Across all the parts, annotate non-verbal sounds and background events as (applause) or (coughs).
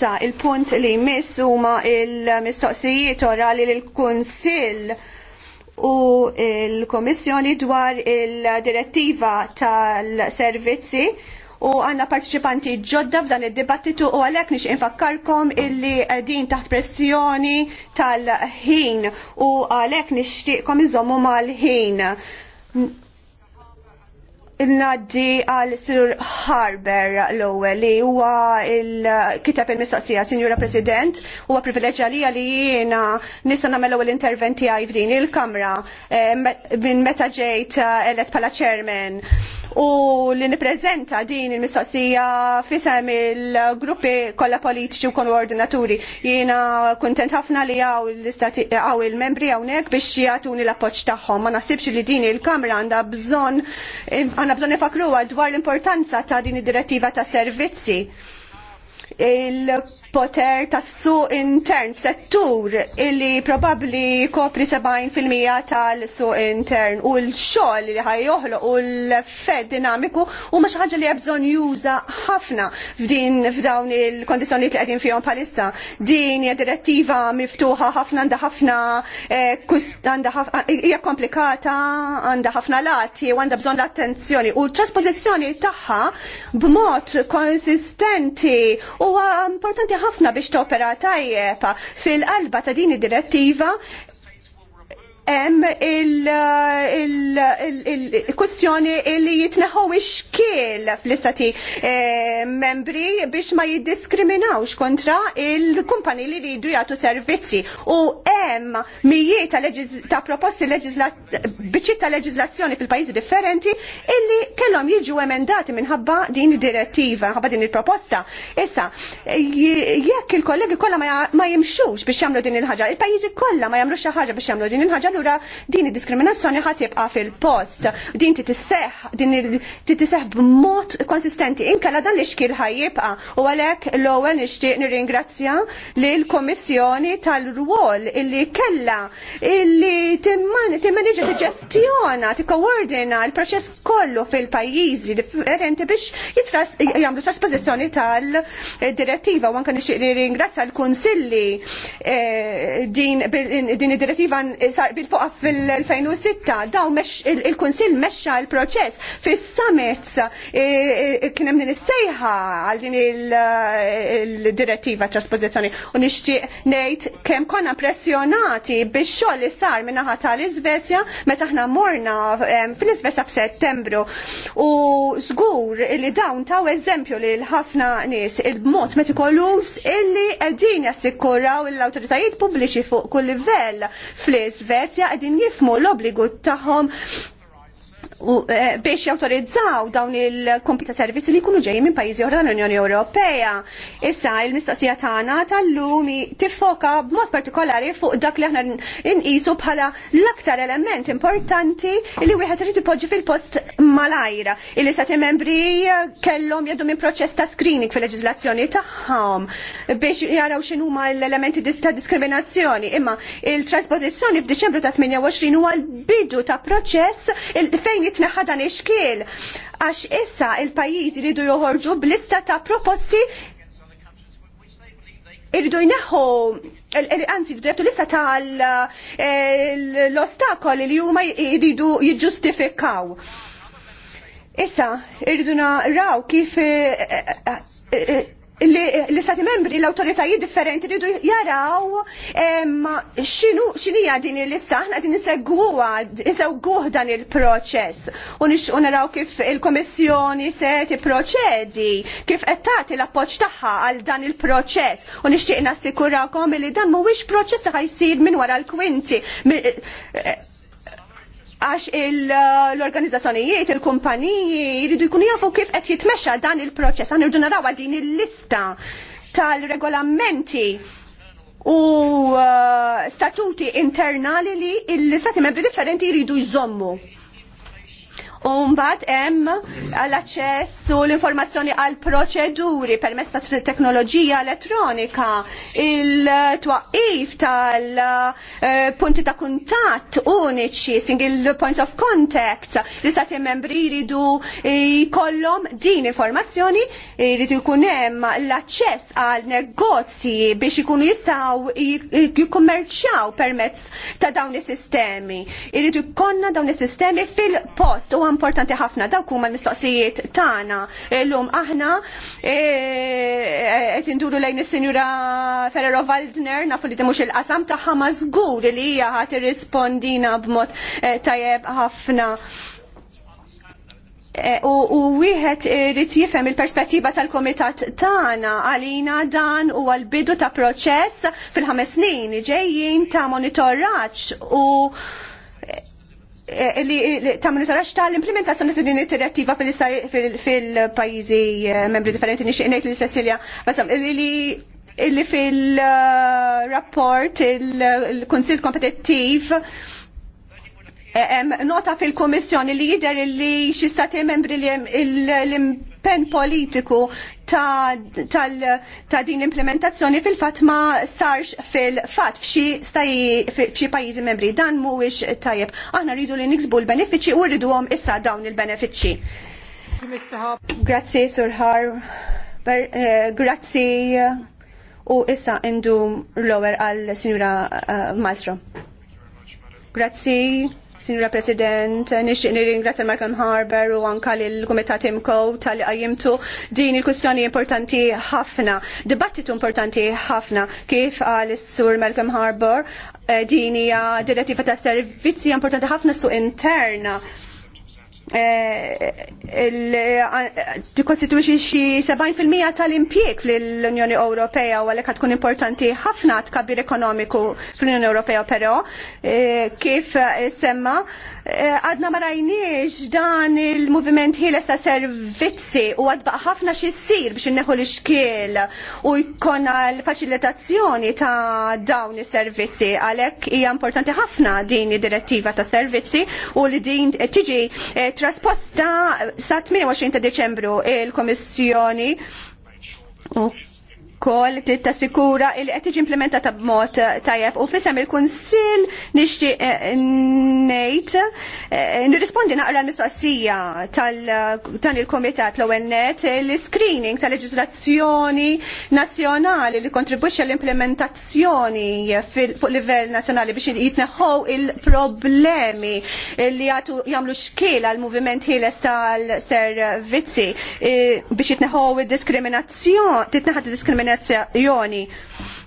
Issa il-punt li jmiss huma il-mistoqsijiet orali lil kunsill u il-Komissjoni dwar il-direttiva tal-servizzi u għanna partiċipanti ġodda f'dan id-dibattitu u għalek nix infakkarkom illi din taħt pressjoni tal-ħin u għalek nix tiqkom iżommu mal-ħin. Nnaddi għal Sir Harber l-ewwel li huwa il-kitab il-mistoqsija, Sinjura President, huwa privileġġja li li jiena nista' nagħmel l-ewwel interventi għaj f'din il-Kamra minn meta ġejt eh, elett bħala chairman u li nippreżenta din il-mistoqsija fisem il-gruppi kollha politiċi u konordinaturi. Jiena kuntent ħafna li hawn għaw il-membri hawnhekk biex jagħtuni l-appoġġ tagħhom. Ma naħsibx li din il-Kamra għandha bżonn aħna bżonn għal dwar l-importanza ta' din id-direttiva ta' servizzi il-poter tas-suq intern f'settur illi probabbli kopri 70% tal-suq intern u l-xogħol li ħaj joħloq u l-fed dinamiku huma xi ħaġa li jabżon bżonn juża ħafna f'din f'dawn il kondizjoni li qegħdin fihom bħalissa. Din hija direttiva miftuħa ħafna għandha ħafna eh, għandha hija komplikata għandha ħafna lati u għandha bżonn l-attenzjoni u t trasposizzjoni tagħha b'mod konsistenti huwa importanti ħafna biex topera tajjeb fil-qalba ta' din id-direttiva hemm il-kuzzjoni li jitneħu ix-xkiel fl-istati eh, membri biex ma jiddiskriminawx kontra il-kumpani li jridu jagħtu servizzi u hemm mijiet ta' proposti biċċiet ta' leġizlazzjoni fil-pajjiżi differenti illi kellhom jiġu emendati minħabba din id-direttiva, ħabba din il-proposta. Issa, jekk il-kollegi kollha ma jimxux biex jagħmlu din il-ħaġa, il-pajjiżi kollha ma jagħmlux xi ħaġa biex jagħmlu din il-ħaġa lura din id-diskriminazzjoni ħat jibqa' fil-post. Din titisseħ, din titisseħ b'mod konsistenti. Inkella dan l-ixkil ħajjibqa' u għalhekk l-ewwel nixtieq nirringrazzja lill-Kommissjoni tal-rwol illi li kella li timmaneġa tiġestjona, tikkoordina l-proċess kollu fil-pajjiżi differenti biex jagħmlu trasposizzjoni tal-direttiva u anke nixtieq ringrazzja l-kunsilli eh, din id-direttiva bil-fuqa fil-2006 daw il-kunsill mexxa l-proċess fis-summits eh, eh, kien hemm din is-sejħa għal din il-direttiva trasposizzjoni u nixtieq ngħid kemm konna pressjoni Nati biex xogħol li sar minna ħata tal izvezja meta aħna morna fl izvezja f'Settembru. U żgur li dawn taw eżempju lil ħafna nies il-mod kolus illi qegħdin jassikuraw l-awtoritajiet pubbliċi fuq kull livell fl izvezja qegħdin jifmu l-obbligu tagħhom Eh, biex jawtorizzaw dawn il-kompita servizzi li jkunu ġejjin minn pajjiżi oħra l-Unjoni Ewropea. Issa il-mistoqsija tagħna tal-lumi tiffoka b'mod partikolari fuq dak li aħna nqisu bħala l-aktar element importanti li wieħed irid ipoġġi fil-post malajra. Il-istati membri kellhom jgħaddu minn proċess ta' screening fil-leġiżlazzjoni tagħhom biex jaraw x'inhuma l-elementi ta' diskriminazzjoni. Imma il-trasposizzjoni f'Diċembru ta' 28 huwa l-bidu ta' proċess fejn jitneħħa dan ix-xkiel għax issa il-pajjiżi ridu joħorġu b'lista ta' proposti irridu jneħħu anzi irridu jabtu lista ta eh, l ostakoli li huma jridu jiġġustifikaw. Issa irridu naraw kif eh, eh, l-istati membri l-autoritajiet differenti ridu jaraw ehm, xinu xinija din il-lista ħna din nisegguh dan il-proċess u naraw kif il-komissjoni se proċedi kif qed tagħti l-appoġġ tagħha għal dan il-proċess u nixtieq nassikurakom li dan mhuwiex proċess ħajsir minn wara l-kwinti eh, għax uh, l-organizzazzjonijiet, il-kumpaniji jridu jkunu jafu kif qed jitmexxa dan il-proċess, għan irdu naraw din il-lista tal-regolamenti u uh, statuti internali li l-istati membri differenti jridu jżommu u mbagħad hemm l-aċċess u l-informazzjoni għal proċeduri permezz ta' teknoloġija elettronika, il twaqif tal-punti eh, ta' kuntatt uniċi, single point of contact, li stati membri jridu eh, jkollhom din informazzjoni, jridu jkun hemm l-aċċess għal negozji biex ikunu jistgħu jikkummerċjaw permezz ta' dawn is-sistemi. Jridu jkollna dawn is-sistemi fil-post u importanti ħafna dawk huma l-mistoqsijiet tagħna llum aħna e, qed induru lejn is-Sinjura Ferrero Waldner nafu li mhux il-qasam tagħha ma żgur li hija ħadd irrispondina b'mod e, tajjeb ħafna. E, u wieħed irid jifhem il-perspettiva tal kumitat tagħna għalina dan u għal-bidu ta' proċess fil-ħames snin ġejjin ta' monitoraġġ u Eh, li ta' ta' l implementazzjoni ta' din id-direttiva fil-pajjiżi eh, membri differenti nixtieq ngħid li Cecilia li li fil-rapport il konsil Kompetittiv eh, nota fil-Komissjoni li jider li xistati membri li pen politiku ta', ta, din l-implementazzjoni fil-fat ma sarx fil-fat f'xi pajjiżi membri dan mhuwiex tajjeb. Aħna rridu li niksbu l-benefiċċji u rridu għom issa dawn il-benefiċċji. Grazzi, Sur Har. Eh, grazzi u issa indu l-lower għal Sinjura uh, eh, Malstrom. Grazzi. Sinjura President, nixtieq nirringrazzja Malcolm Harbour u anka lill kumitat Imko tal qajjimtu din il kustjoni importanti ħafna, dibattitu importanti ħafna kif għal sur Malcolm Harbour eh, din hija direttiva ta' servizzi importanti ħafna su interna Eh, eh, tikkostituixi xi 70% tal-impjieg fl-Unjoni Ewropea u għalhekk tkun importanti ħafna tkabbir ekonomiku fl-Unjoni Ewropea però eh, kif semma għadna ma rajniex dan il-moviment ħieles ta' servizzi u għadbaq ħafna sir biex inneħu l-iskil u jkonna l-facilitazzjoni ta' dawn is-servizzi għalhekk hija importanti ħafna din id-direttiva ta' servizzi u li din tiġi eh, trasposta sa' 28 ta' Deċembru il-Komissjoni u ukoll trid tassikura li qed tiġi implementata b'mod eh, tajjeb u fisem il-Kunsill nixtieq eh, ngħid eh, nirrispondi naqra l-mistoqsija tal il-Kumitat l-ewwel net l-screening tal-leġiżlazzjoni nazzjonali li kontribwixxa l-implementazzjoni fuq livell nazzjonali biex jitneħħu il-problemi li għatu jagħmlu xkiel għall moviment ħieles tal-servizzi biex jitneħħu id-diskriminazzjoni titneħħa diskriminazzjoni determinazzjoni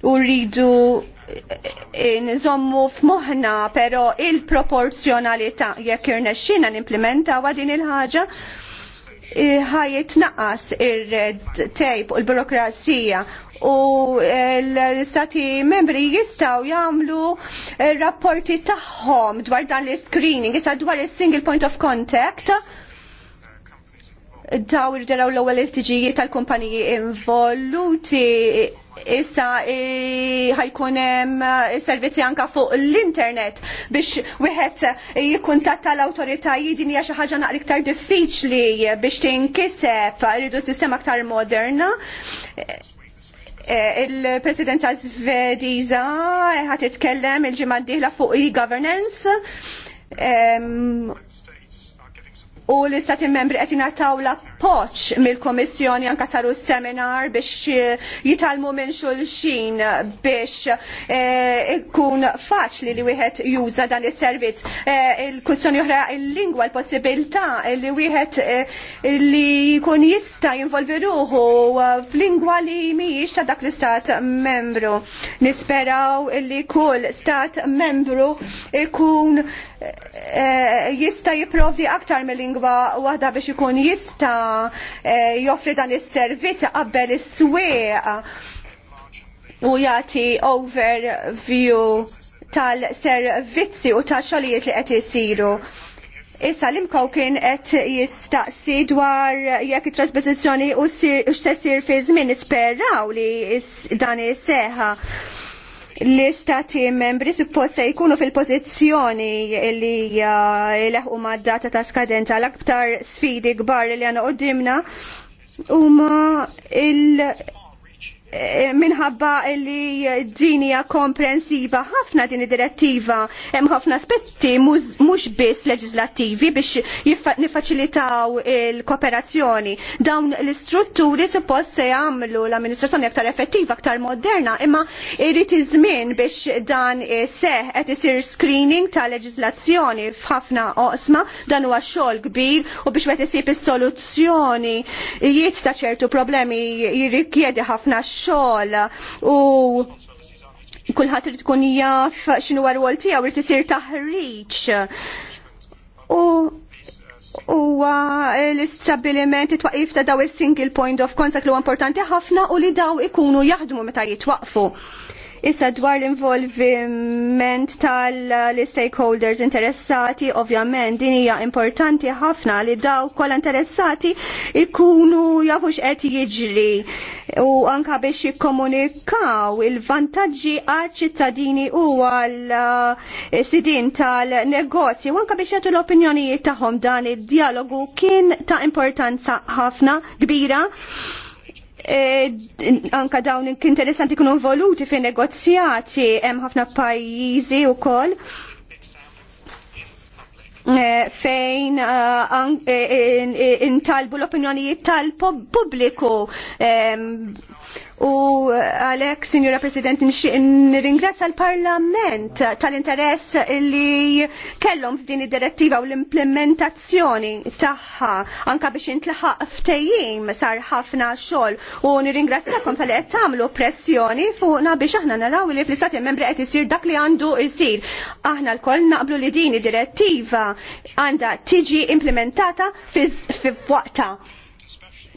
u rridu eh, eh, nżommu f'moħħna però il-proporzjonalità jekk irnexxina nimplementaw din il-ħaġa eh, ħajet naqas ir-red tape u l-burokrazija u l-stati membri jistaw jamlu rapporti taħħom dwar dan l-screening, jistaw dwar il-single point of contact daw irġaraw l-ewwel il-tiġijiet tal-kumpaniji involuti issa ħajkun hemm eh, servizzi anka fuq l-internet biex wieħed eh, jikkuntatta l-awtoritajiet din hija xi ħaġa naqra iktar diffiċli biex tinkiseb irridu sistema aktar moderna. Eh, Il-Presidenza Svediża ħad titkellem il-ġimgħa d-dieħla fuq e-governance u l-istati membri qed jingħataw l-appoġġ mill-Komissjoni anke saru seminar biex eh, jitalmu minn xulxin biex eh, ikun faċli li wieħed juża dan is-servizz. Eh, il-kwistjoni oħra il-lingwa l-possibilità li wieħed li jkun jista' jinvolvi ruħu f'lingwa li mhijiex ta' dak l-istat membru. Nisperaw li kull stat membru ikun jista' jipprovdi aktar mill lingwa waħda biex ikun jista eh, joffri dan is-servizz qabel is-swieq u jagħti overview tal-servizzi u tax-xogħlijiet li qed isiru. Issa l-imkaw kien qed jistaqsi dwar jekk it-trasposizzjoni u x'se sessir fi żmien isperaw li dan is-seħħa. is seħħa l-istati membri supposta jkunu fil-pozizjoni li leħu ma data ta' skadenza l-aktar sfidi gbar li għana qoddimna huma il- Eh, minħabba li eh, dinja komprensiva ħafna din id-direttiva hemm ħafna aspetti mhux biss leġislattivi biex nifaċilitaw il-kooperazzjoni. Dawn l-istrutturi suppost se jagħmlu l-amministrazzjoni aktar effettiva, aktar moderna, imma irid iż-żmien biex dan seħ qed isir screening ta' leġislazzjoni f'ħafna oqsma, dan huwa xogħol kbir u biex qed isib is soluzzjoni jiet ta' ċertu problemi jirrikjedi ħafna x xogħol u kulħadd irid tkun jaf x'inhu rwol tiegħu rrit isir taħriġ. U u l-istabiliment it-twaqif ta' daw is-single point of contact li huwa importanti ħafna u li daw ikunu jaħdmu meta jitwaqfu. Issa dwar l-involviment tal-stakeholders interessati, ovvjament din hija importanti ħafna li daw kol interessati ikunu jafux x'qed jiġri u anka biex jikkomunikaw il-vantaġġi għal ċittadini u għal sidin tal-negozji u anka biex jagħtu l-opinjonijiet tagħhom dan id-dialogu kien ta' importanza ħafna kbira. E, anka dawn interessanti kunu involuti fi negozjati hemm ħafna pajjiżi wkoll e, fejn e, intalbu l-opinjonijiet tal-pubbliku U eh, Alex, Signora President, nirringrazza l-Parlament tal-interess li kellhom f'din id-direttiva u l-implementazzjoni tagħha anka biex intlaħaq ftejjim sar ħafna xogħol u nirringrazzakom tal qed tagħmlu pressjoni fuqna biex aħna naraw li fl-istati membri qed isir dak li għandu jsir. Aħna lkoll naqblu li din id-direttiva għandha tiġi implementata fi waqta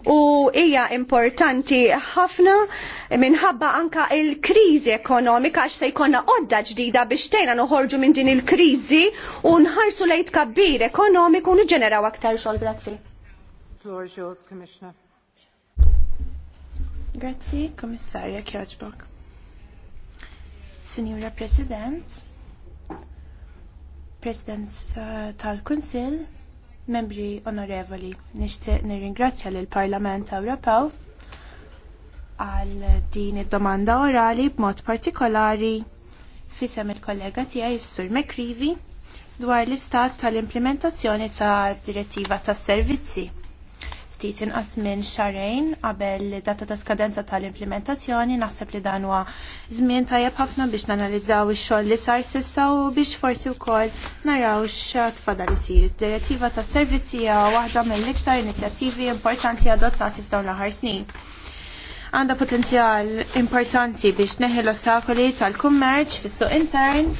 u hija importanti ħafna minħabba anka il-kriżi ekonomika għax se jkollna qodda ġdida biex tejna noħorġu minn din il-kriżi u nħarsu lejn tkabbir ekonomiku u niġġeneraw aktar xogħol. Grazzi. Floor is yours, Commissioner. Grazzi, Komissarja Kjoġbok. Signora President, President eh, tal-Kunsil, membri onorevoli, nixtieq nirringrazzja lill parlament Ewropew għal din id-domanda orali b'mod partikolari fisem il-kollega tiegħi s-Sur Mekrivi dwar l-istat tal-implementazzjoni ta' direttiva tas servizzi ftit inqas minn xarejn qabel data ta' skadenza tal-implementazzjoni naħseb li dan huwa żmien tajjeb ħafna biex nanalizzaw ix-xogħol li sar sissa u biex forsi wkoll naraw x'tfadal isir. Id-direttiva tas servizzi hija waħda mill-iktar inizjattivi importanti adottati f'dawn l-aħħar snin. Għandha potenzjal importanti biex neħi l-ostakoli tal-kummerċ fis-suq intern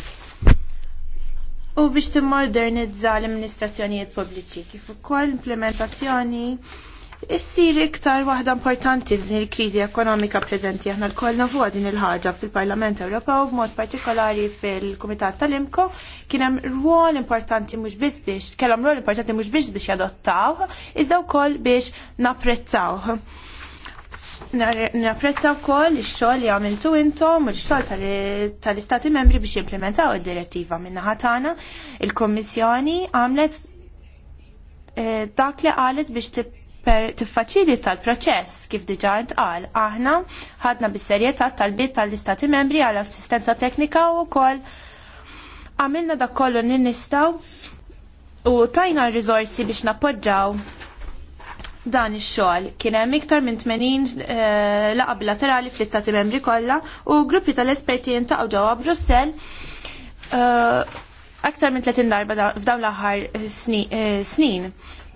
u biex timmodernizza l-amministrazzjonijiet pubbliċi kif ukoll implementazzjoni issir iktar waħda importanti din il-kriżi ekonomika preżenti aħna lkoll fuq din il-ħaġa fil-Parlament Ewropew b'mod partikolari fil-Kumitat tal-Imko kien hemm rwol importanti mhux biss biex kellhom rwol importanti mhux biss biex jadottaw iżda wkoll biex napprezzawh Napprezza wkoll ix-xogħol li għamiltu intom u x-xogħol tal-Istati membri biex jimplementaw id-direttiva min-naħa tagħna. Il-Kummissjoni għamlet eh, dak li qalet biex tiffaċilita l-proċess kif diġà ntqal. Aħna ħadna bis-serjetà tal-bit tal-Istati membri għal assistenza teknika u wkoll għamilna dak kollu li nistgħu u tajna r-riżorsi biex nappoġġaw dan ix-xogħol. Kien hemm iktar minn 80 uh, eh, laqgħa bilaterali fl-istati membri kollha u gruppi tal-esperti jintaqgħu ġewwa Brussell uh, aktar minn 30 darba f'dawn l-aħħar eh, snin.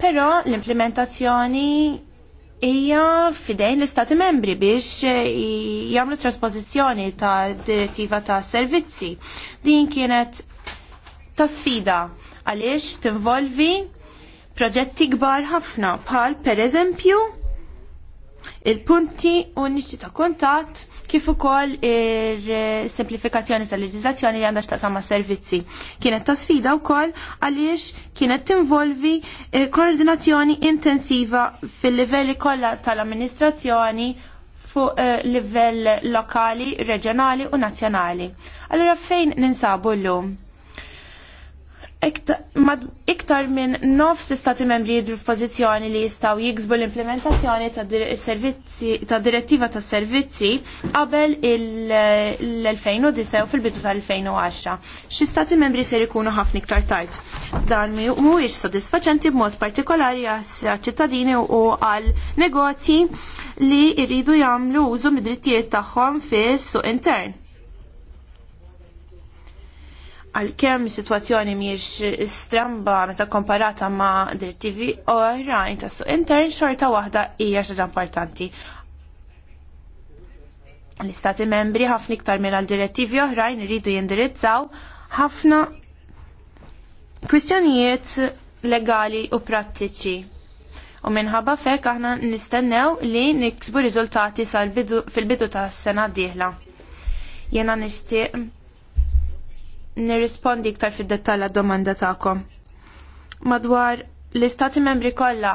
Però l-implementazzjoni hija fidejn l-Istati membri biex jagħmlu trasposizzjoni ta' direttiva ta' servizzi. Din kienet ta' sfida għaliex tinvolvi proġetti kbar ħafna bħal pereżempju il-punti uniċi ta' kuntatt kif ukoll ir-semplifikazzjoni tal-leġiżlazzjoni li għandha x'taqsam ma' servizzi. Kienet ta' sfida wkoll għaliex kienet tinvolvi eh, koordinazzjoni intensiva fil-livelli kollha tal-amministrazzjoni fuq eh, livell lokali, reġjonali u nazzjonali. Allura fejn ninsabu llum? iktar minn nofs istati membri jidru f'pożizzjoni li jistgħu jiksbu l-implementazzjoni ta' servizzi direttiva ta' servizzi qabel l-2009 fil-bidu tal-2010. Xi stati membri ser ikunu ħafna iktar tard. Dan mhuwiex sodisfaċenti b'mod partikolari għas ċittadini u għal negozji li jridu jagħmlu użu mid-drittijiet tagħhom fis-suq intern għal-kem situazzjoni miex stramba meta komparata ma' direttivi oħrajn ta' suq intern xorta waħda hija xaġa importanti. L-istati membri ħafna iktar minn għal-direttivi oħrajn iridu jindirizzaw ħafna kwistjonijiet legali u prattiċi. U minħabba fek aħna nistennew li niksbu riżultati bidu fil-bidu tas-sena d-dieħla. Jena nixtieq nirrispondi iktar fid-dettall għad-domanda tagħkom. Madwar l-istati membri kollha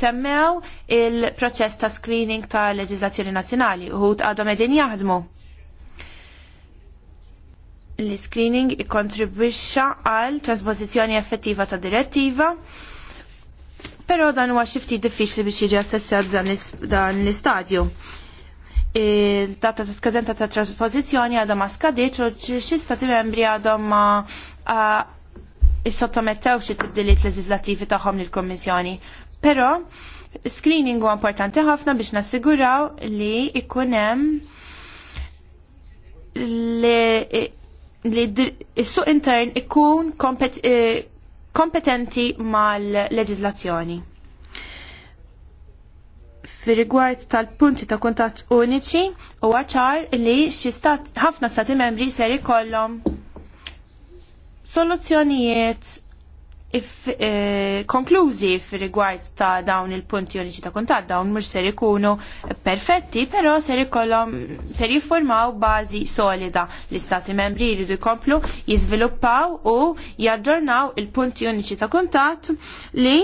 temmew il-proċess ta' screening ta' leġizlazzjoni nazzjonali u għadhom qegħdin jaħdmu. L-screening ikkontribwixxa għal transpozizjoni effettiva ta' direttiva, però dan huwa xi ftit diffiċli biex jiġi assessjat dan l-istadju il-data ta' skazenta ta' trasposizjoni għadha ma skadiċ u xi stati membri għadhom ma sottomettew xi tibdiliet leġislattivi tagħhom lill-Kummissjoni. Però screening huwa importanti ħafna biex nassiguraw li ikun hemm li s-suq intern ikun eh, kompetenti mal-leġizlazzjoni fi rigward tal-punti ta' kuntatt uniċi u għacħar li xistat ħafna stati membri ser kollom soluzzjonijiet eh, konklużi fi rigward ta' dawn il-punti uniċi ta' kuntatt dawn mhux ser ikunu perfetti, però seri kollom seri formaw bażi solida li stati membri jridu jkomplu jiżviluppaw u jaġġornaw il-punti uniċi ta' kuntatt li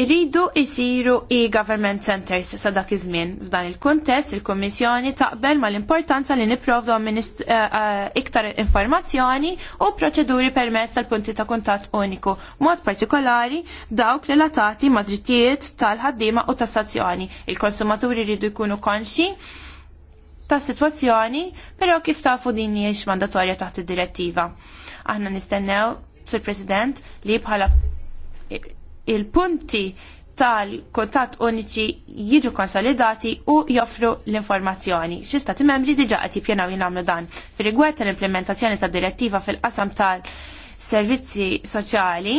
iridu jisiru e-government centers sa dak iż-żmien. F'dan il-kuntest, il-Kummissjoni taqbel mal-importanza li niprovdu eh, eh, iktar informazzjoni u proċeduri permezz tal-punti ta' kuntatt uniku, mod partikolari dawk relatati ma' drittijiet tal-ħaddiema u tassazzjoni. Il-konsumaturi jridu jkunu konxi ta' situazzjoni, però kif tafu din jiex mandatorja taħt id-direttiva. Aħna nistennew, Sur President, li bħala il-punti tal-kontat uniċi jiġu konsolidati u joffru l-informazzjoni. Xi stati membri diġa qed jippjanaw jagħmlu dan. Fir-rigward tal-implementazzjoni tad direttiva fil-qasam tal-servizzi soċjali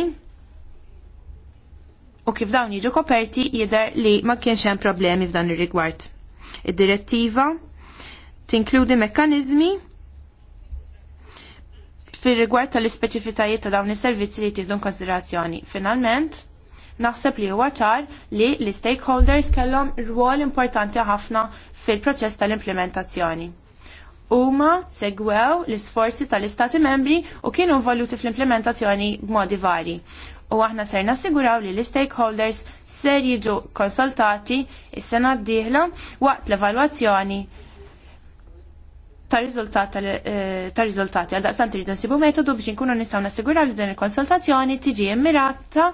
u kif dawn jiġu koperti jidher li ma kienx hemm problemi f'dan ir-rigward. Id-direttiva tinkludi mekkaniżmi fir rigward tal-ispeċifitajiet ta' dawn is-servizzi li jtieħdu konsiderazzjoni. Finalment, Naħseb li huwa ċar li l-stakeholders kellhom rwol importanti ħafna fil-proċess tal-implementazzjoni. Huma segwew l-isforzi tal-Istati membri u kienu involuti fl-implementazzjoni b'modi vari u aħna ser nassiguraw li l-stakeholders ser jiġu konsultati is-sena d-dieħla waqt l-evalwazzjoni tar-riżultati eh, għal daqsan tridu nsibu metodu biex nkunu nistgħu nassiguraw li din il-konsultazzjoni tiġi immirata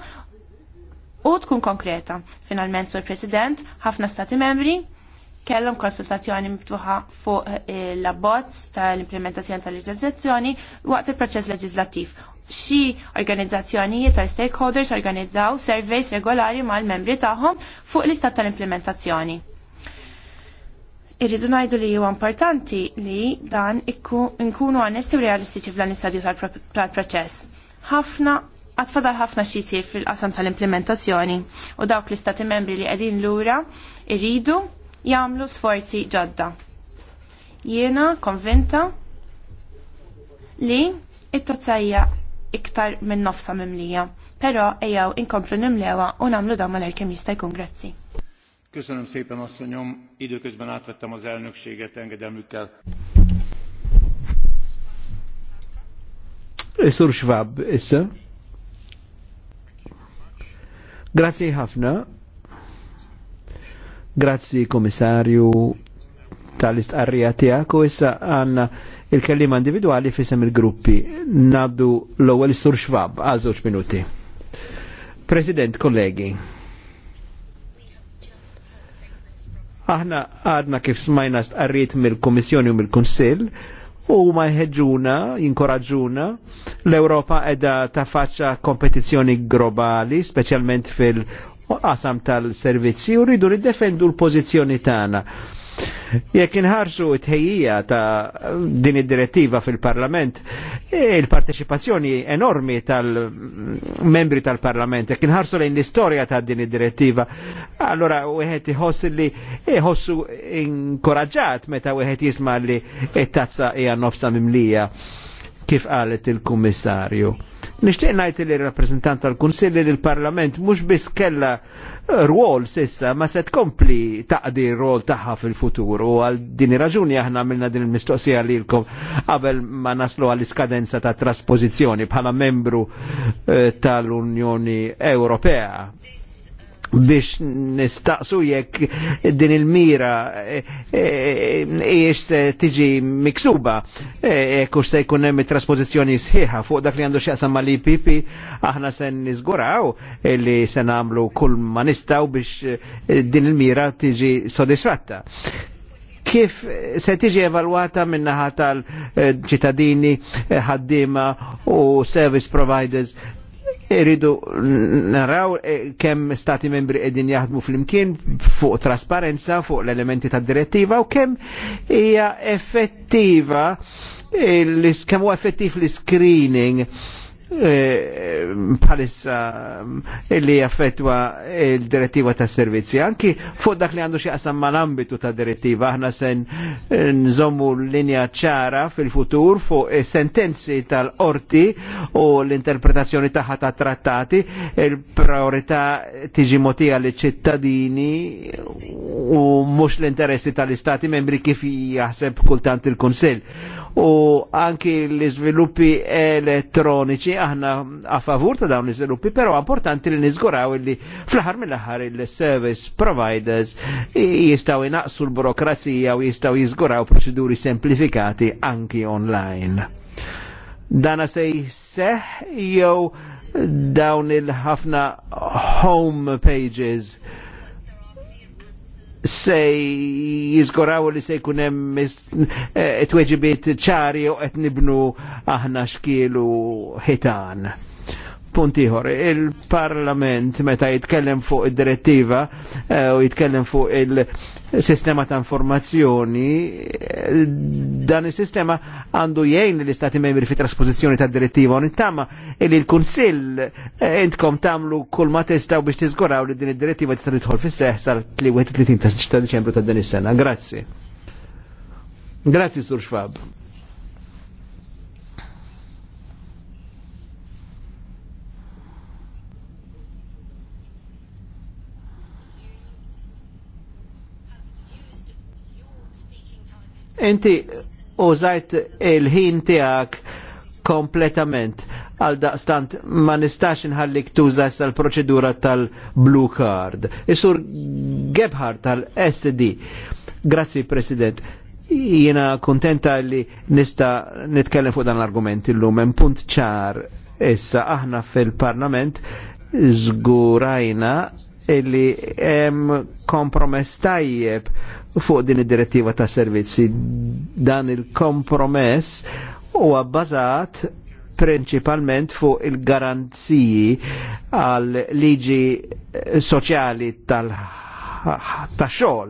u tkun konkreta. Finalment, sur President, ħafna stati membri kellhom konsultazzjoni miftuħa fuq eh, l-abbozz tal-implementazzjoni tal-leġizzazzjoni waqt il-proċess leġislattiv. Xi organizzazzjonijiet tal stakeholders organizzaw surveys regolari mal-membri tagħhom fuq l-istat tal-implementazzjoni. Irridu ngħidu li huwa importanti li dan nkunu onesti u realistiċi fl-istadju tal-proċess. Ħafna għatfadal ħafna xi jsir fil-qasam tal-implementazzjoni u dawk l-istati membri li qegħdin lura irridu jagħmlu sforzi ġodda. Jiena konvinta li it-tazzajja iktar minn nofsa mimlija, però ejjaw inkomplu nimlewa u nagħmlu dawn mal jista' jkun grazzi. Köszönöm szépen, asszonyom. Időközben átvettem az elnökséget engedelmükkel. Sur Schwab, issa. Grazzi ħafna. Grazzi komissarju tal-istqarrija tijak u issa għanna il-kellima individuali fissem il-gruppi. Naddu l-ewwel sur xvab għazoċ minuti. President, kollegi. Aħna għadna kif smajna stqarriet mill komissjoni u mill konsil u ma jħedġuna, jinkoraġuna l-Europa edha tafaċċa kompetizzjoni globali, specialment fil-qasam tal-servizzi u rridu niddefendu l-pozizjoni tagħna. Jekk inħarsu t t-ħejjija ta' din id-direttiva fil-Parlament, e, il-parteċipazzjoni enormi tal-membri tal-Parlament, jekk inħarsu lejn l-istorja ta' din id-direttiva, allora wieħed iħoss li e, ħossu inkoraġġat meta wieħed jisma' li t-tazza hija nofsa mimlija kif qalet il-Kummissarju. Nixtieq ngħid li rappresentant tal-Kunsilli li l-Parlament mhux biss kella rwol sissa ma se tkompli taqdi rwol tagħha fil-futur u għal din raġuni aħna għamilna din il-mistoqsija lilkom qabel ma naslu għall iskadenza ta' traspożizzjoni bħala membru eh, tal-Unjoni Ewropea biex nistaqsu jekk din il-mira eh, eh, iex se tiġi miksuba eh, jekk se jkun hemm trasposizzjoni sħiħa fuq dak li għandu x'jaqsam mal-IPP aħna se niżguraw li se nagħmlu kull ma nistgħu biex din il-mira tiġi sodisfatta kif se tiġi evalwata min-naħa tal-ċittadini ħaddima u service providers Iridu naraw eh, kemm stati membri edin jaħdmu fl-imkien fuq trasparenza, fuq l-elementi ta' direttiva u kemm hija effettiva eh, l huwa effettiv l-screening Eh, palissa eh, li jaffetwa il-direttiva ta' servizzi. Anki fuq dak li għandu xieqsam mal-ambitu ta' direttiva, aħna sen eh, nżommu linja ċara fil-futur fuq sentenzi tal-orti u l-interpretazzjoni taħħa ta' trattati, il-priorità tiġi motija li ċittadini u mux l-interessi tal-istati membri kif jaħseb kultant il-Konsil u anki l-iżviluppi elettroniċi aħna a favur ta' dawn l izviluppi però importanti li nizguraw li fl-aħħar mill-aħħar il-service providers jistaw inaqsu l-burokrazija u jistaw jiżguraw proċeduri semplifikati anki online. Dana sej seħ jew dawn il-ħafna home pages se jizgoraw li se jkunem eh, tweġibiet ċari u qed nibnu aħna xkielu ħitan puntiħor, il-Parlament meta jitkellem fuq id-direttiva u jitkellem fuq il-sistema ta' informazzjoni, dan is-sistema għandu jgħin li stati membri fit trasposizjoni ta' direttiva u nittama il il-Kunsill intkom tamlu kull ma testaw biex tiżguraw li din id-direttiva tista' tidħol fis-seħ sal-31 ta' Diċembru ta' din is-sena. Grazzi. Grazzi, Sur Schwab. Inti użajt il-ħin tiegħek kompletament għal daqstant ma nistax nħallik tuża issa l-proċedura tal-blue card. Isur Gebhardt tal-SD. Grazzi President. Jiena kontenta li nista nitkellem fuq dan l-argument illum lum punt ċar issa aħna fil-Parlament żgurajna illi hemm kompromess tajjeb fuq din id-direttiva ta' servizzi. Dan il-kompromess huwa bbażat prinċipalment fuq il-garanziji għal liġi soċjali tal-xogħol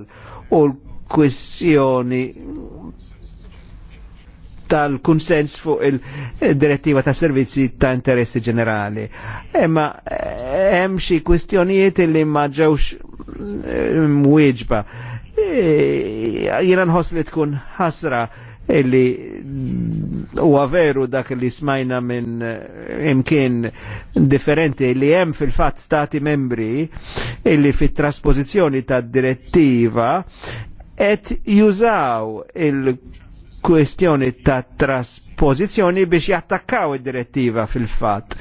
u l kwissjoni tal-kunsens fuq il-direttiva ta' servizzi ta' interessi ġenerali. Emma eh, hemm xi kwistjonijiet li ma ġewx eh, mwieġba jena nħoss li tkun ħasra illi huwa veru dak li smajna minn eh, imkien differenti li hemm fil-fatt stati membri illi fit-trasposizzjoni tad direttiva qed jużaw il kwestjoni ta' trasposizjoni biex jattakkaw id-direttiva fil-fat,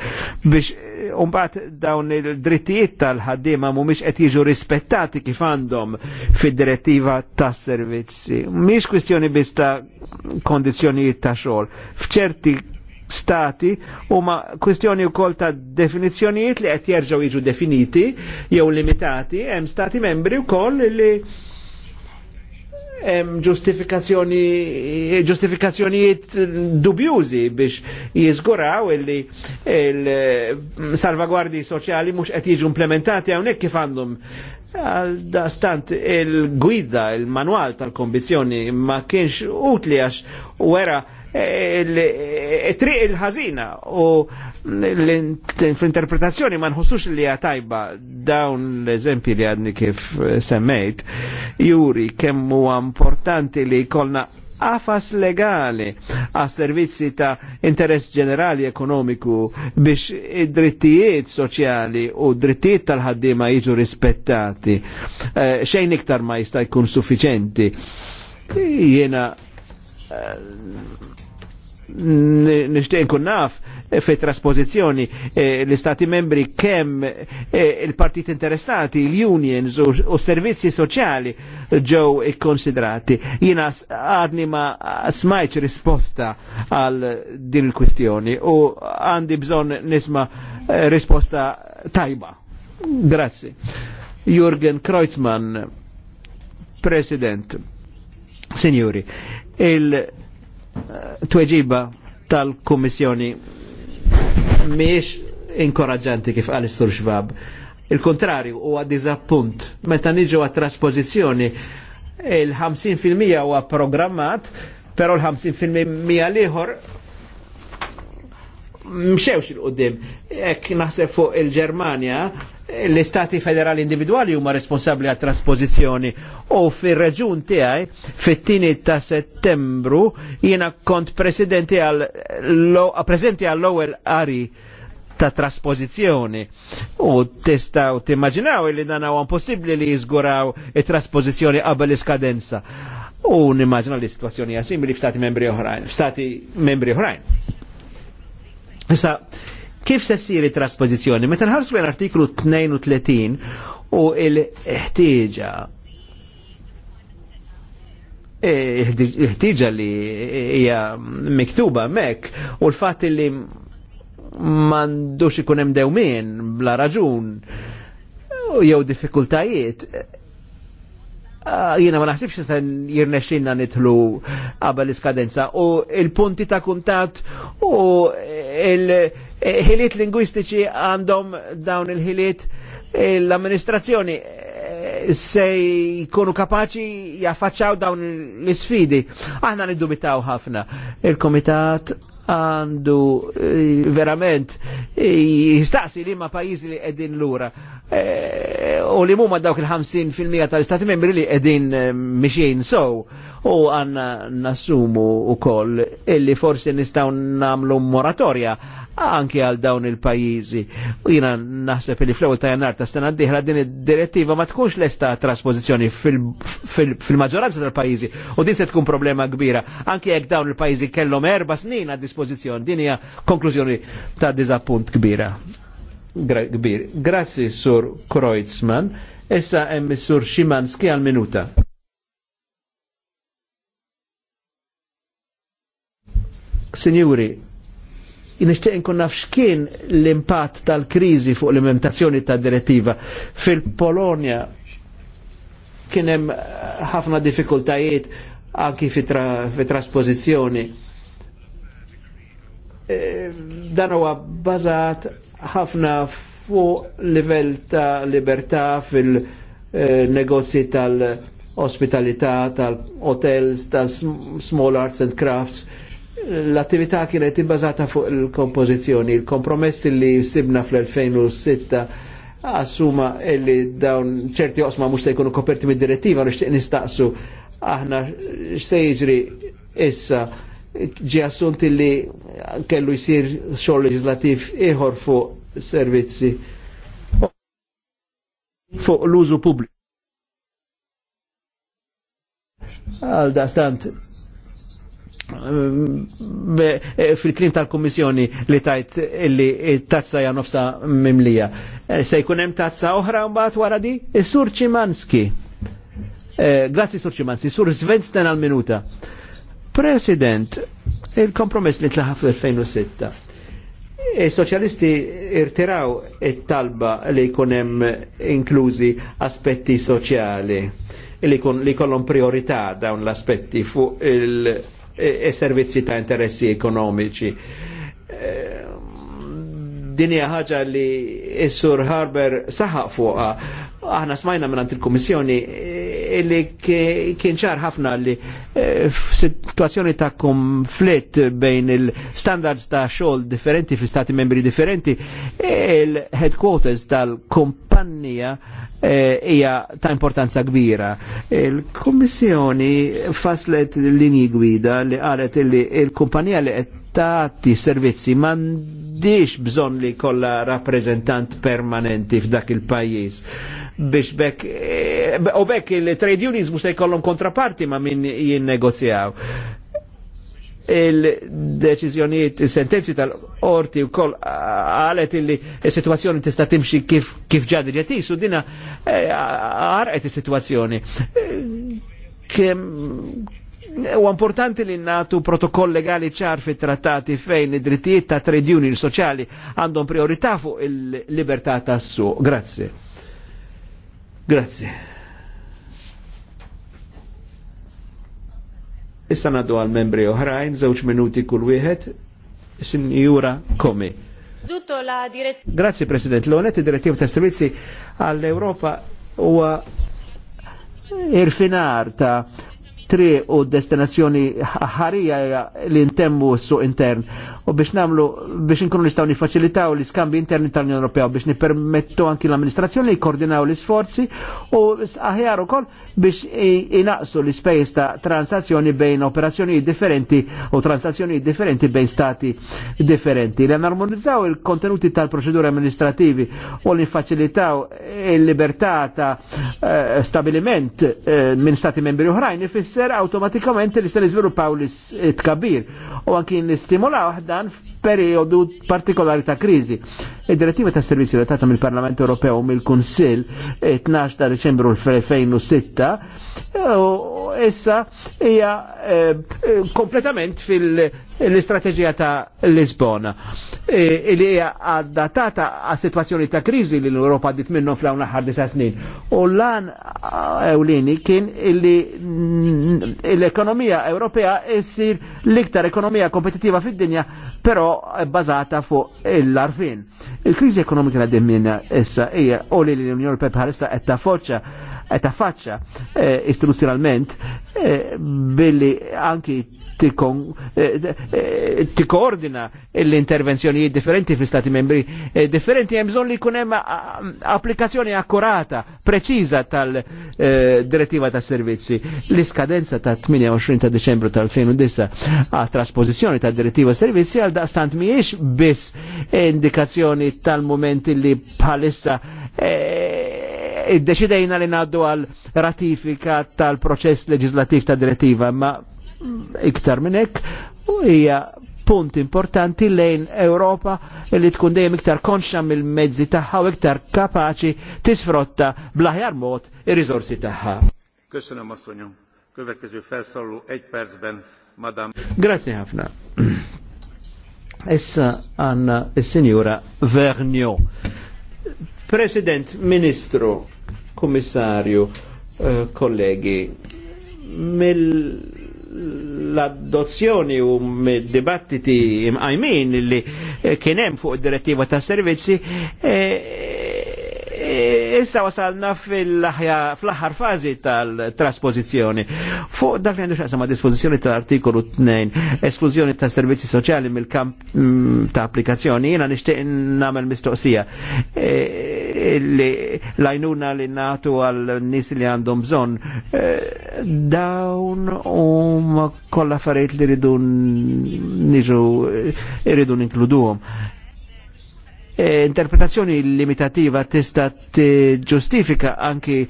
biex umbat dawn il-drittijiet tal-ħaddima mumiex qed jiġu rispettati kif għandhom fid-direttiva tas servizzi. Mhix kwistjoni biss ta' kondizzjonijiet ta' xogħol. F'ċerti stati huma kwistjoni wkoll ta' definizzjonijiet li qed jerġgħu jiġu definiti jew limitati, hemm stati membri wkoll li ġustifikazzjonijiet dubjużi biex jizguraw illi il-salvagwardi soċjali mux qed jiġu implementati hawnhekk kif għandhom stant il-gwida, il-manual tal kombizzjoni ma kienx utli għax wera Eh, eh, triq il-ħazina u l interpretazzjoni ma nħossux li għatajba dawn l eżempi li għadni kif semmejt juri kemm huwa importanti li kolna għafas legali għas servizzi ta' interess ġenerali ekonomiku biex id-drittijiet soċjali u drittijiet tal-ħaddima jiġu rispettati. Eh, xejn iktar ma jista' jkun suffiċenti. jiena nishtiq nkun naf eh, fi trasposizjoni eh, l-istati membri kemm eh, il-partit interessati, l-unions u servizzi soċjali ġew ikkonsidrati. Jina għadni ma smajċ risposta għal din il-kwistjoni u għandi bżon nisma risposta tajba. Grazzi. Jürgen Kreutzmann, President, Signori, il- tweġiba tal-Kummissjoni miex inkoraġġanti kif qal is-Sur Xvab. Il-kontrarju huwa diżappunt. Meta niġu għat traspożizzjoni il-50% huwa programmat, però l-50% liħor mxewx il-qoddim. Ek naħseb fuq il-Germania, l-istati federali individuali huma responsabli għat trasposizjoni u fil reġun tiegħi fit-tieni ta' settembru jiena kont presidenti għal presidenti għall-ewwel qari ta' trasposizjoni u testaw timmaġinaw li dan huwa impossibbli li jiżguraw it-trasposizjoni qabel iskadenza. U nimmaġina li situazzjoni hija simili f'stati membri oħrajn, f'stati membri oħrajn. Issa, Kif se ssir it Meta nħarsu l-artiklu 32 u il-ħtieġa e, il-ħtieġa li hija miktuba mek u l-fatt li mandux ikun hemm dewmien bla raġun jew diffikultajiet Ah, jiena ma naħsibx nista' jirnexxinna nitlu qabel l-iskadenza u il-punti ta' kuntat u il-ħiliet lingwistiċi għandhom dawn il-ħiliet l-amministrazzjoni eh, se jkunu kapaċi jaffaċċaw dawn l-sfidi. Aħna niddubitaw ħafna. Il-komitat għandu eh, verament eh, jistaxi li ma pajizi li edin l-ura eh, u li mumma dawk il-50% tal-istati membri li edin miexin sow u għanna nassumu u koll illi forsi nistaw namlu moratorja anke għal dawn il-pajjiżi. U jina naħseb li fl-ewwel ta' jannar ta' sena diħla din id-direttiva ma tkunx lesta traspożizzjoni fil-maġġoranza tal-pajjiżi u din se tkun problema kbira. Anke jekk dawn il-pajjiżi kellhom erba' snin għad dispożizzjoni, din hija konklużjoni ta' diżappunt kbira. Kbir. Grazzi sur Kreutzmann, issa hemm sur Ximanski għal minuta. Signori, nixtieq nkun naf x'kien l-impatt tal-kriżi fuq l-implementazzjoni tad-direttiva. Fil-Polonja kien hemm ħafna diffikultajiet anki fi trasposizzjoni. E, dan huwa bażat ħafna fuq livell ta' libertà fil-negozji e, tal-ospitalità, tal-hotels, tal-small arts and crafts l-attività kienet ibbażata fuq il-kompożizzjoni. Il-kompromess li sibna fl-2006 assuma li dawn ċerti osma mux se jkunu koperti mid-direttiva, nixtieq nistaqsu aħna x'se jiġri issa ġi assunti li kellu jisir xogħol leġislativ iħor fuq servizzi fuq l-użu pubbliku. Għal dastant Eh, fil-klim tal-Kommissjoni li tajt li tazza ja nofsa mimlija. Eh, se jkun hemm tazza oħra mbagħad wara di eh, sur Ċimanski. Eh, Grazzi Sur Ċimanski, Sur Svensten għal minuta. President, il-kompromess li tlaħaf fil-2006. Il-soċjalisti irtiraw it-talba li jkunem inklużi aspetti soċjali li, li kollon priorità dawn l-aspetti fuq il- E, e servizzi ta' interessi ekonomiċi. E, Dinja ħaġa li sur Harber saħaq fuqha. Aħna smajna minn il-Kummissjoni e, li kien ċar ħafna li f'sitwazzjoni ta' konflitt bejn il-standards ta' xogħol differenti fl stati membri differenti, il-headquarters tal-komp tal-kumpanija eh, hija e, ta' importanza kbira. Il-Kummissjoni faslet linji gwida li qalet li il-kumpanija li qed tagħti servizzi m'għandix bżonn li kollha rappreżentant permanenti f'dak il-pajjiż biex bekk eh, u bekk il-trade unions mhux se jkollhom kontraparti ma' min jinnegozjaw il-deċizjoniet, il-sentenzi tal-orti u koll għalet illi il situazzjoni tista' timxi kif, kif ġadri ġatis dina e, għarqet il-situazzjoni. U importanti li natu protokoll legali ċar fit trattati fejn id-drittijiet ta' trade union soċjali għandhom priorità fuq il-libertà tas-suq. Grazie. Grazie. Issa naddu għal membri oħrajn, żewġ minuti kull wieħed, sinjura komi. Zutto la direttiva. Grazie President, l-onet direttiva ta' servizzi għall-Europa huwa irfinar ta' tri u destinazzjoni ħarija li ntemmu s-suq intern u biex namlu biex nkunu nistaw nifacilitaw l-iskambi interni tal-Unjoni Ewropea biex nipermettu anki l-amministrazzjoni jkoordinaw l-isforzi u aħjar ukoll biex inaqsu l ispejs ta' transazzjoni bejn operazzjoni differenti u transazzjoni differenti bejn stati differenti. Li narmonizzaw il-kontenuti tal-proċeduri amministrativi u li faċilitaw il-libertà ta' eh, stabiliment eh, minn stati membri oħrajn ifisser jisser automatikament li se niżviluppaw l-tkabbir u anki nistimulaw dan f'periodu partikolari ta' kriżi. Id-direttiva ta' servizi li tagħhom il-Parlament Ewropew mill-Kunsill 12 ta' Deċembru 2006 issa hija eh, eh, kompletament fil-istrateġija ta' Lisbona. Eh, li hija adattata għas situazzjoni ta' kriżi li l-Europa għaddit minnhom fl-hawn aħħar disa' snin. U l lan ewlieni kien illi l-ekonomija Ewropea issir l-iktar ekonomija kompetitiva fid-dinja però bbażata fuq l-arfin. Il-kriżi ekonomika li minna issa hija u li l-Unjoni Europea bħalissa qed tafoċċa ta' tafaċċa eh, istituzzjonalment eh, billi anki eh, tikkoordina l-intervenzjonijiet differenti fi stati membri differenti hemm bżonn li jkun hemm applikazzjoni akkurata, preċiża tal-direttiva tas servizzi. L-iskadenza ta' 28 ta' Deċembru tal-2009 għat trasposizzjoni ta' direttiva servizzi għal daqstant miex biss indikazzjoni tal-momenti li bħalissa deċidejna li naddu għal ratifika tal-proċess leġislativ ta' direttiva, ma iktar minn u hija punt importanti lejn Europa li tkun dejjem iktar konxja mill-mezzi tagħha u iktar kapaċi tisfrotta bl-aħjar mod ir-riżorsi tagħha. Köszönöm asszonyom. Következő felszólaló egy percben, madam. Grazie ħafna. Issa għanna is-Sinjura e Vernio. President, Ministru, Kummissarju, eh, kollegi, mill-adozzjoni u mill dibattiti imqajmin li eh, kienem fuq direttiva ta' servizzi, eh, issa wasalna fl-aħħar fazi tal-trasposizjoni. Fuq dak li għandu xaqsa ma' dispożizzjoni tal-artikolu 2, esklużjoni ta' servizzi soċjali mill-kamp mm, ta' applikazzjoni, jena nixtieq nagħmel mistoqsija l ajnuna li natu għal nis li għandhom bżon. Eh, dawn um kolla affarijiet li ridu niġu irridu eh, ninkluduhom. Eh, interpretazzjoni limitativa tista' ġustifika anki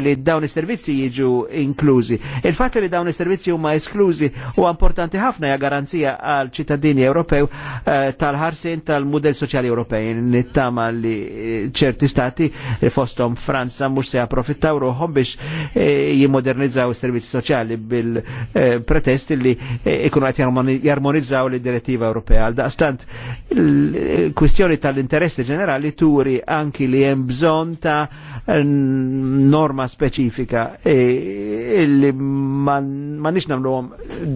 li dawn is-servizzi jiġu inklużi. Il-fatt li dawn is-servizzi huma esklużi huwa importanti ħafna ja garanzija għal ċittadini Ewropew eh, tal-ħarsin tal-mudell soċjali Ewropej. Nittama li eh, ċerti stati fostom Franza mhux se approfittaw ruħhom biex jimmodernizzaw is-servizzi soċjali bil-pretest li ikunu qed jarmonizzaw l-direttiva Ewropea. Għal daqstant il-kwistjoni tal interessi ġenerali turi anki li hemm bżonn ta' norma speċifika e, illi ma nix namluhom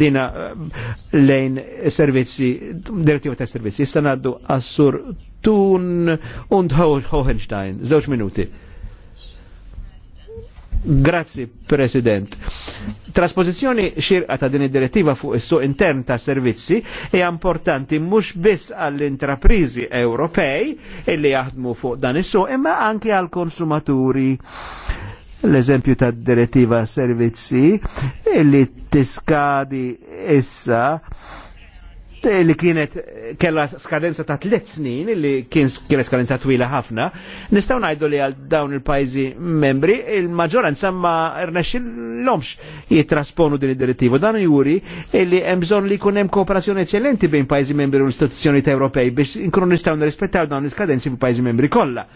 dina eh, lejn servizzi, direttiva ta' servizzi. Issa ngħaddu assur tun und Hohenstein, żewġ minuti. Grazzi, President. Trasposizjoni xirqa ta' din id-direttiva fuq is-suq intern ta' servizzi hija e importanti mhux biss għall-intraprizi Ewropej illi jaħdmu fuq dan is-suq, imma anki għal konsumaturi L-eżempju ta' direttiva servizzi illi tiskadi issa li kienet kella skadenza ta' tliet snin, li kien kienet skadenza twila ħafna, nistaw najdu li għal dawn il-pajzi membri, il-maġoranza ma omx jitrasponu din id-direttivu. Dan juri li hemm bżonn li jkun hemm kooperazzjoni eċċellenti bejn pajzi membri u l-istituzzjoni Ewropej biex inkunu nistgħu nirrispettaw dawn l-iskadenzi fil-pajzi membri kollha.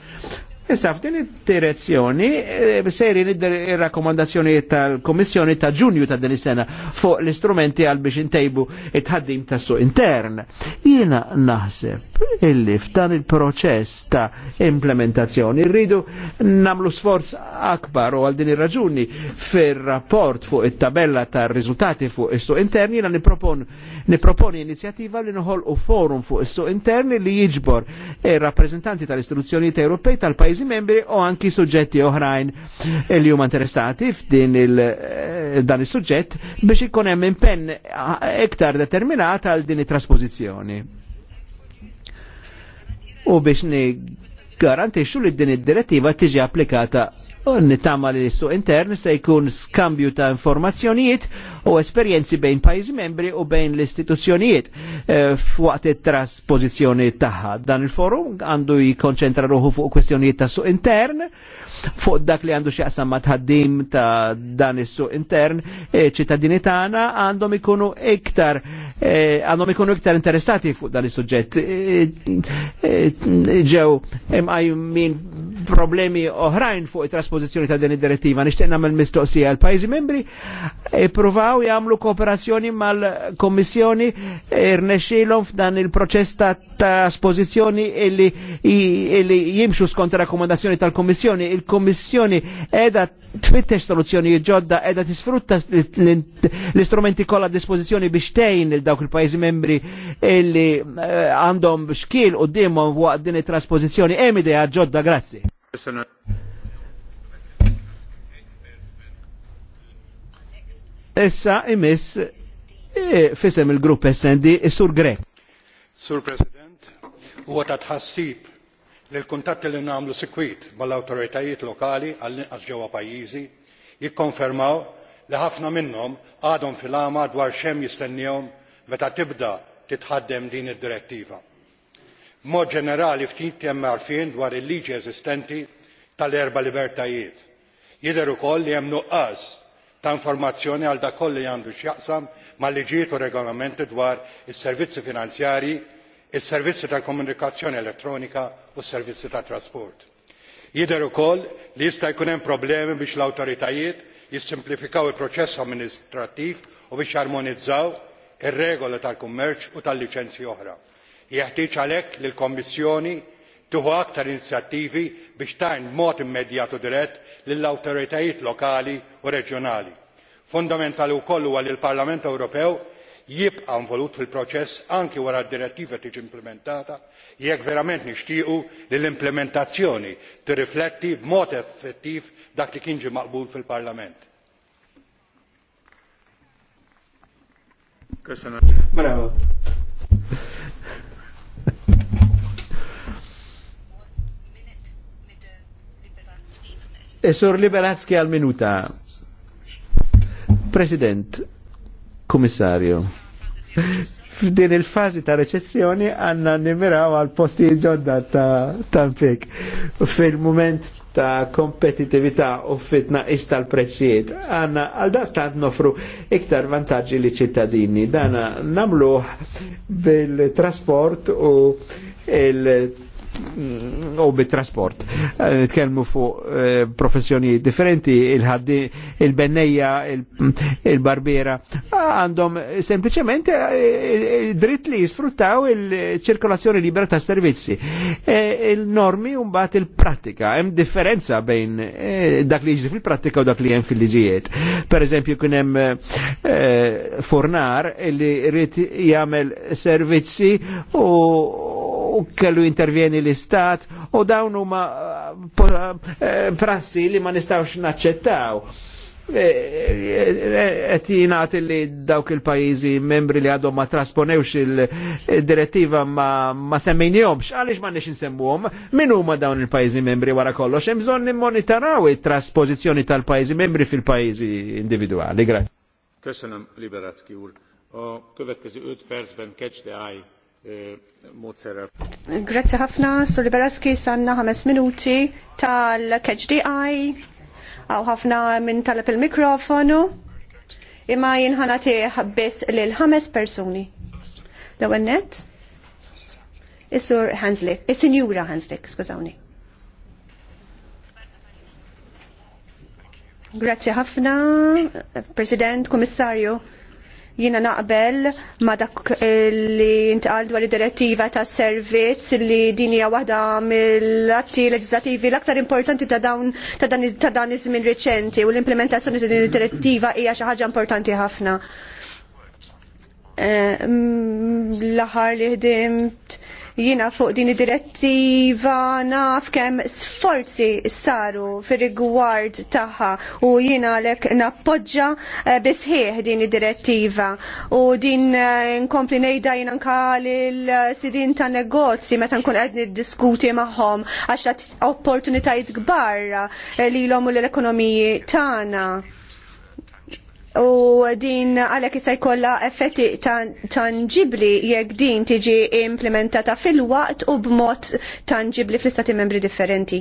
Issa f'din id-direzzjoni eh, sejri ir-rakkomandazzjonijiet tal-Kommissjoni ta' Ġunju ta' din is-sena fuq l-istrumenti għal biex intejbu it-ħaddim tas suq intern. Jiena naħseb illi f'dan il-proċess ta' implementazzjoni rridu namlu sforz akbar u għal din ir-raġuni fir-rapport fuq it-tabella tar riżultati fuq is-suq intern jiena niproponi inizjattiva li noħolqu forum fuq is-suq interni li jiġbor ir-rappreżentanti eh, tal-istituzzjonijiet Ewropej tal-pajjiż l-Istati membri u anki suġġetti oħrajn li huma interessati f'din il eh, dan is-suġġett biex ikun hemm impenn eh, iktar determinat għal din it-trasposizzjoni. U biex garantixxu li din id-direttiva tiġi applikata nittama li s-suq intern se jkun skambju ta' informazzjonijiet u esperjenzi bejn pajzi membri u bejn l-istituzzjonijiet eh, f'waqt it-traspożizzjoni tagħha. Dan il-forum għandu jikkonċentra ruħu fuq kwestjonijiet ta' suq intern, fuq dak li għandu x'jaqsam ma' tħaddim ta' dan is-suq intern, eh, ċittadini tagħna għandhom ikunu iktar eh, għandhom ikunu iktar interessati fuq dan is-suġġett. Ġew imqajmin problemi oħrajn fuq it-traspożizzjoni trasposizjoni ta' din id-direttiva. Nixtieq nagħmel mistoqsija l pajjiżi membri ippruvaw jagħmlu kooperazzjoni mal-Kommissjoni irnexxielhom f'dan il-proċess ta' trasposizjoni illi, jimxu skont rakkomandazzjoni tal-Kommissjoni. Il-Kommissjoni qiegħda tfittex soluzzjoni ġodda qiegħda tisfrutta l-istrumenti kollha a dispożizzjoni biex tgħin il dawk il-pajjiżi membri illi eh, għandhom xkiel u waqt din it-trasposizzjoni hemm idea ġodda, grazzi. Issa imiss e, fisem il-grupp SND is-Sur e Grek. Sur President, huwa ta' tħassib li l-kuntatti li nagħmlu sikwit mal-awtoritajiet lokali għall-inqas ġewwa pajjiżi jikkonfermaw li ħafna minnhom għadhom fil-għama dwar xemm jistennijom meta tibda titħaddem din id-direttiva. B'mod ġenerali ftit hemm għarfien dwar il-liġi eżistenti tal-erba' libertajiet. Jidher ukoll li hemm nuqqas ta' informazzjoni għal dak kollu li għandu x'jaqsam mal-liġijiet u regolamenti dwar is-servizzi finanzjarji is-servizzi tal-komunikazzjoni elettronika u s-servizzi tat-trasport. jidher ukoll li jista' jkun hemm problemi biex l-awtoritajiet jissimplifikaw il-proċess amministrattiv u biex jarmonizzaw ir-regoli tal-kummerċ u tal-liċenzji oħra. jeħtieġ għalhekk li l-kummissjoni tieħu aktar inizjattivi biex tgħin b'mod immedjat u dirett lill-awtoritajiet lokali u reġjonali. fundamentali wkoll huwa li l-parlament ewropew jibqa' involut fil-proċess anki wara d-direttiva tiġi implementata jekk verament nixtiequ li l-implementazzjoni tirrifletti b'mod effettiv dak li kien ġie maqbul fil-parlament. Esor Liberatski għal minuta. President, komissario, f'din il-fazi ta' recessjoni għanna nimiraw għal posti ġodda ta' tampik fil-moment ta' kompetitività u fitna istal prezziet għanna għal dastant nofru iktar vantaġġi li ċittadini dana namluħ bil-trasport u il u bit-trasport. Eh, nitkellmu fuq eh, professjoni differenti, il-ħaddi, il-bennejja, il-barbiera, għandhom sempliciment eh, dritt li jisfruttaw il-ċirkolazzjoni libera ta' servizzi. E, il-normi bat il-pratika, hemm differenza bejn dak li jiġri fil-pratika u dak li hemm fil-liġijiet. Per eżempju, kien hemm fornar li rrit jagħmel servizzi u u kellu intervjeni l-istat u dawn huma eh, eh, prassi li ma nistawx naċċettaw. Et eh, jinaħt li dawk il-pajizi membri li għadhom ma trasponewx il-direttiva ma semmejnijomx, għalix ma nix nsemmuhom, minn huma dawn il-pajizi membri wara kollox, hemm bżonn nimmonitaraw it-trasposizzjoni tal-pajizi membri fil-pajizi individuali. Grazie. Köszönöm, Liberacki úr. A következő 5 percben catch the eye Eh, eh, módszerrel. Grazie ħafna, Sur Liberaski, sanna ħames minuti tal-KHDI, għaw ħafna minn talab il-mikrofonu, imma jinħanati ħabbis l-ħames personi. L-għennet? Isur Hanslik, is-sinjura Hanslik, skużawni. Grazie ħafna, President, Komissarju. Jiena naqbel ma dak li intqal dwar id-direttiva tas servizz li din hija waħda mill-atti leġislattivi l-aktar importanti ta' dawn ta' dan iż-żmien riċenti u l-implementazzjoni ta' din id-direttiva hija xi ħaġa importanti ħafna. Eh, l-aħħar li ħdimt Jina fuq din id-direttiva naf kemm sforzi saru fir-rigward tagħha u jina lek nappoġġa eh, bisħieħ din id-direttiva u din eh, nkompli ngħidha jien anka lil-sidin ta' negozji meta nkun qed niddiskuti magħhom għax opportunitajiet eh, li lilhom omu l-ekonomiji tagħna u din għalek issa jkollha effetti tanġibli jekk din tiġi implementata fil-waqt u b'mod tanġibli fl-istati membri differenti.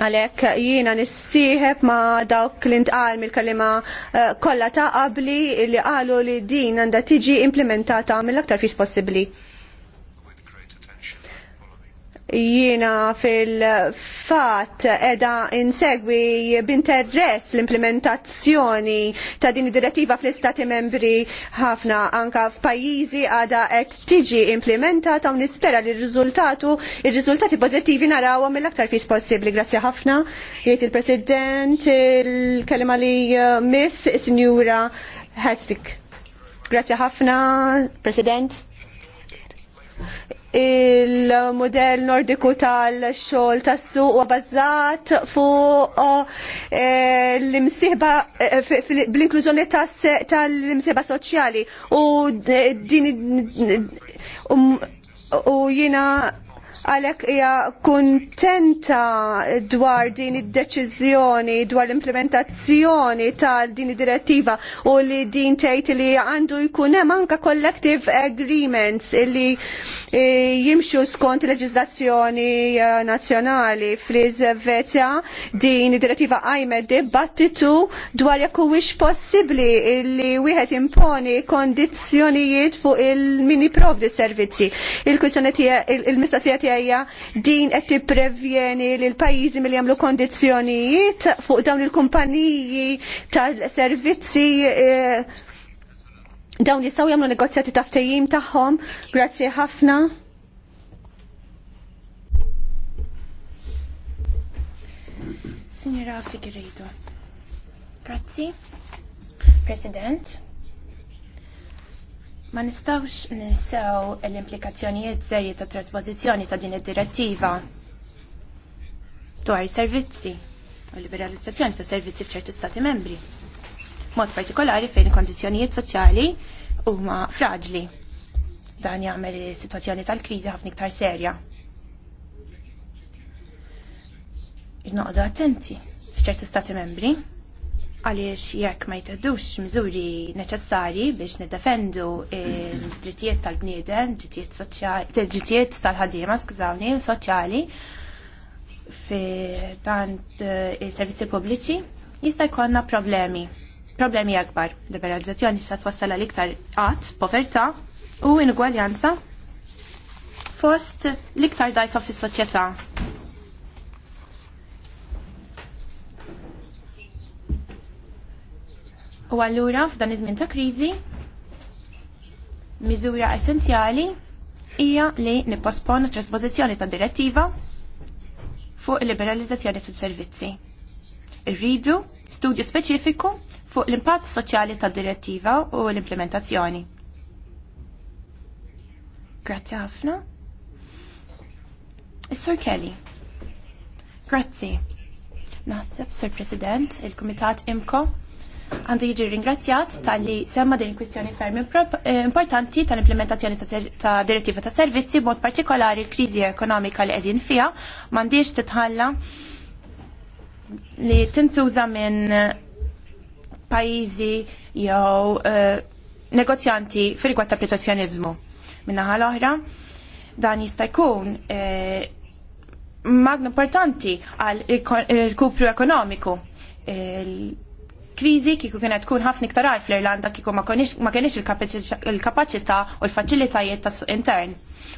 Għalhekk jiena nissieħeb ma dawk li ntqal mill-kalima eh, kollha ta' qabli li qalu li din għandha tiġi implementata mill-aktar fis possibbli jiena fil-fat edha insegwi b'interess l-implementazzjoni ta' din id-direttiva fl-istati membri ħafna anka f'pajjiżi għada qed tiġi implementata u nispera li r-riżultatu r riżultati pożittivi narawhom mill-aktar fis possibbli. Grazzi ħafna. Jgħid il-President il-kelma li uh, miss is-Sinjura Hastik. Grazzi ħafna, President il-modell nordiku tal-xol suq u bazzat fuq uh, eh, l-imsiħba eh, bl-inklużjoni tal-imsiħba soċjali u eh, din um, u jina għalhekk hija kuntenta dwar din id-deċiżjoni dwar l-implementazzjoni tal din id-direttiva u li din tgħid li għandu jkun hemm anke collective agreements li e, jimxu skont leġiżlazzjoni e, nazzjonali fl-Iżvezja din id-direttiva għajmet dibattitu dwar jekk huwiex possibbli li wieħed imponi kondizzjonijiet fuq il-mini provdi servizzi. Il-kwistjoni il-mistoqsija minkejja din qed tipprevjeni lil pajjiżi milli jagħmlu kondizzjonijiet fuq dawn il-kumpaniji tal-servizzi eh, dawn jistgħu jagħmlu negozjati ta' ftehim tagħhom. Grazzi ħafna. Signora Figueiredo. Grazzi. President. Ma nistawx ninsew l-implikazzjonijiet żejjed ta' trasposizzjoni ta' din id-direttiva dwar servizzi u liberalizzazzjoni ta' servizzi f'ċerti stati membri. Mod partikolari fejn kondizzjonijiet soċjali huma fraġli. Dan jagħmel is-sitwazzjoni tal-kriżi ħafna iktar serja. Noqdu attenti f'ċerti stati membri għaliex jekk ma jtaħdux miżuri neċessari biex il-drittijiet tal-bniden, drittijiet tal-bniedem, drittijiet tal-ħaddiema, skużawni, soċjali fi eh, il servizzi pubbliċi, jista' jkollna problemi. Problemi akbar. Liberalizzazzjoni sa twassal għal iktar qatt, povertà u inugwaljanza fost l-iktar dajfa fis-soċjetà U allura f'dan iż-żmien ta' kriżi miżura essenzjali hija li it trasposizzjoni ta' direttiva fuq il-liberalizzazzjoni tas servizzi. Irridu studju speċifiku fuq l-impatt soċjali ta' direttiva u l-implementazzjoni. Grazzi ħafna. Is-Sur Kelly. Grazzi. Naħseb, Sur President, il-Kumitat IMCO għandu jiġi ringrazzjat tal-li semma din kwistjoni ferm eh, importanti tal-implementazzjoni ta' direttiva ta' servizzi mod partikolari l-kriżi ekonomika li qegħdin fiha m'għandix titħalla li tintuża minn pajjiżi jew eh, negozjanti fil-rigward ta' protezzjonizmu. Minna l-oħra, dan jista' jkun eh, magna importanti għal il-kupru ekonomiku kriżi kieku kienet tkun ħafna iktar għal fl-Irlanda kieku ma kienix il-kapaċità u l-faċilitajiet tas suq intern.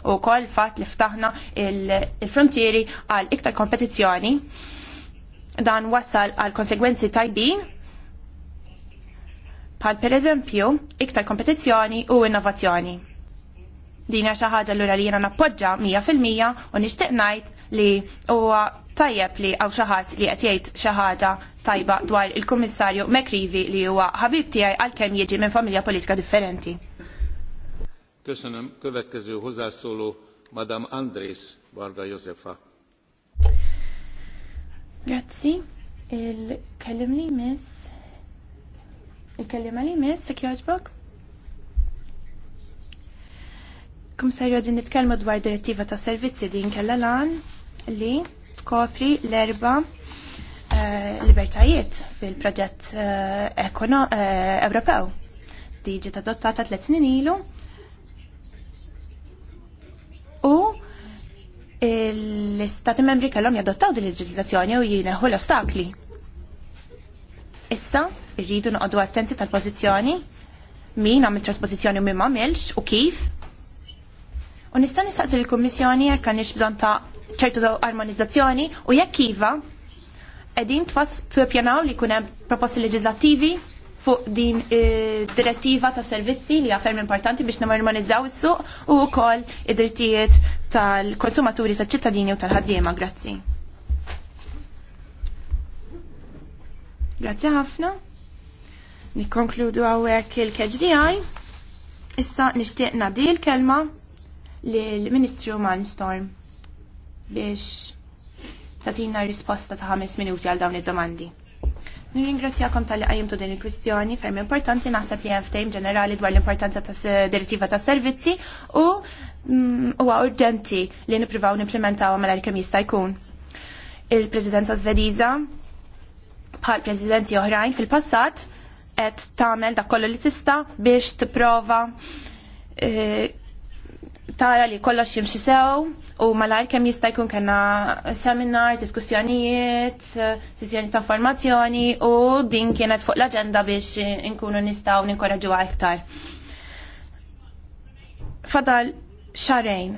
U kol fatt li ftaħna il-frontieri għal iktar kompetizzjoni dan wassal għal konsegwenzi tajbin bħal per eżempju iktar kompetizzjoni u innovazzjoni. Dina xi ħaġa lura li jena nappoġġa 100% u nixtieq ngħid li huwa tajjeb li għaw xaħat li qed jgħid xi ħaġa tajba dwar il-Kummissarju Mekrivi li huwa ħabib tiegħi għalkemm jiġi minn familja politika differenti. huza s-sulu madam Andris Barda Josefa. Grazzi, il-kellim li miss, il-kellim li miss, sekjoġbok? Kumsarju din nitkellmu dwar direttiva ta' servizzi din kella lan li tkopri l-erba eh, libertajiet fil-proġett eh, eh, Ewropew. Diġi ta' dottata tliet snin ilu u l-istati membri kellhom jadottaw din il-leġiżlazzjoni u jineħu l-ostakli. Issa irridu noqogħdu attenti tal-pożizzjoni min għamil trasposizjoni u min m'għamilx u kif U nista' nistaqsi l-Kummissjoni jekk għandix bżonn ta' ċertu armonizzazzjoni u jekk iva qegħdin tfass tippjanaw li jkun hemm proposti leġislattivi fuq din eh, direttiva ta' servizzi li ferm importanti biex normalizzaw is-suq u wkoll id-drittijiet tal-konsumaturi tal-ċittadini u tal-ħaddiema. Grazzi. Grazzi ħafna. Nikkonkludu hawnhekk il-KGDI. Issa nixtieq nagħdi l-kelma l-Ministri ministru Malmstorm biex tatina risposta ta' ħames minuti għal dawn id-domandi. Nirringrazzjakom tal-li għajimtu din il-kwistjoni ferm importanti naħseb li għaftejm ġenerali dwar l-importanza ta' direttiva ta' servizzi u mm, huwa urġenti li niprivaw nimplementaw mela kemm jista' jkun. Il-Presidenza Svediza, bħal Presidenti oħrajn fil-passat qed tagħmel dak kollu li tista' biex tipprova eh, tara li kollox jimxi sew u malajr kemm jista' jkun kena seminars, diskussjonijiet, sessjoni ta' formazzjoni u din kienet fuq l-aġenda biex nkunu nistgħu ninkoraġuha iktar. Fadal xarejn,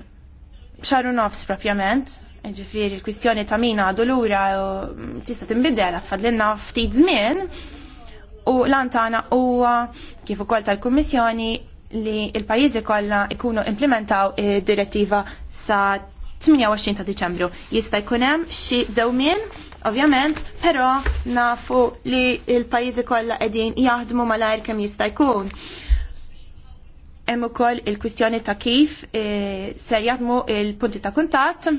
xaru nofs propjament, ġifiri l-kwistjoni ta' mina għadu lura u tista' tinbidel għatfadlinna ftit żmien u lantana huwa kif ukoll tal-Kummissjoni li il-pajjiżi kollha ikunu implementaw id-direttiva sa 28 ta' Diċembru. Jista' jkun hemm xi dewmien ovvjament, però nafu li il-pajjiżi kollha qegħdin jaħdmu malajr kemm jista' jkun. Hemm ukoll il-kwistjoni ta' kif e, ser jaħdmu il-punti ta' kuntatt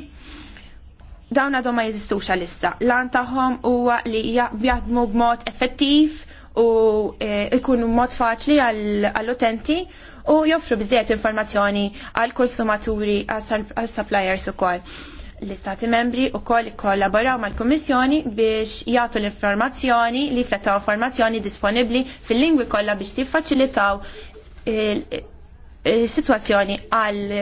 dawn għadhom ma jeżistux għalissa. għan tagħhom huwa li jaħdmu b'mod effettiv u e, ikun mod faċli għall-utenti u joffru bżiet informazzjoni għall-konsumaturi għall-suppliers ukoll. L-istati membri u koll kollaboraw mal-Kommissjoni biex jgħatu l-informazzjoni li flettaw informazzjoni disponibli fil-lingwi kollha biex tiffaċilitaw situazzjoni għal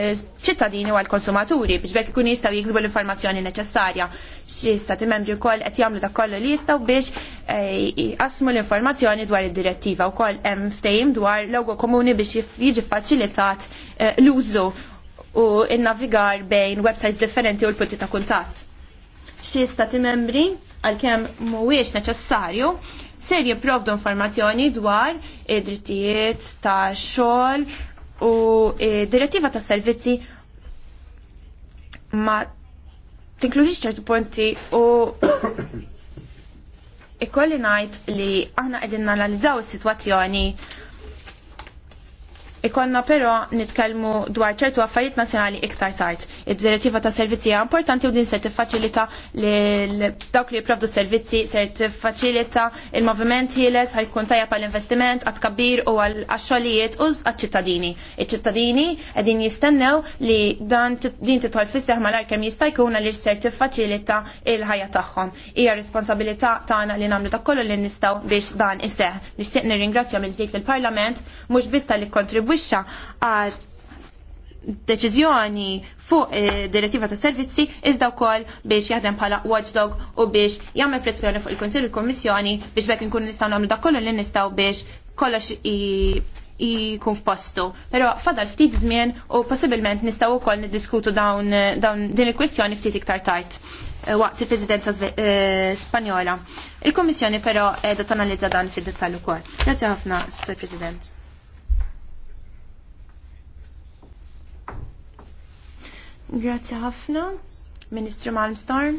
ċittadini u għal konsumaturi biex bekk ikun jistaw jiksbu l-informazzjoni neċessarja. Xi stati membri wkoll qed jagħmlu dak kollu li jistgħu biex eh, jqasmu l-informazzjoni dwar id-direttiva wkoll hemm ftehim dwar logo komuni biex jiġi faċilitat eh, l-użu u n-navigar bejn websites differenti u l-punti ta' kuntatt. Xi stati membri għalkemm mhuwiex neċessarju ser jipprovdu informazzjoni dwar id-drittijiet ta' xogħol u e, direttiva ta' servizzi ma tinkludix ċertu punti u (coughs) ikolli najt li aħna qegħdin nanalizzaw is-sitwazzjoni Ikonna però nitkellmu dwar ċertu affarijiet nazzjonali iktar tard. Id-direttiva ta' servizzi hija importanti u din se tiffaċilita dawk li jipprovdu servizzi se tiffaċilita il-moviment ħieles ħajkun tajja għall investiment għat kabbir u għal xogħlijiet u għaċ-ċittadini. Iċ-ċittadini qegħdin jistennew li dan din titħol fis-seħ malajr kemm jista' jkun li ser tiffaċilita il-ħajja tagħhom. Hija responsabilità tagħna li nagħmlu dak kollu li nistgħu biex dan iseħ. Nixtieq nirringrazzja mill-dik il-Parlament mhux biss li kontribwi wisha għal deċiżjoni fuq eh, direttiva ta' servizzi iżda wkoll biex jaħdem bħala watchdog u biex jagħmel pressjoni fuq il-Kunsill u l-Kummissjoni biex bekk inkunu nistgħu nagħmlu dak kollu li nistgħu biex kollox jkun f'postu. Però fadal ftit żmien u possibilment nistgħu wkoll niddiskutu dawn, dawn din il-kwistjoni ftit iktar tard eh, waqt il-Presidenza eh, Spanjola. Il-Kommissjoni però qiegħda tanalizza dan fid-dettall ukoll. Grazzi ħafna, Sur President. Grazzi ħafna, Ministru Malmstorm.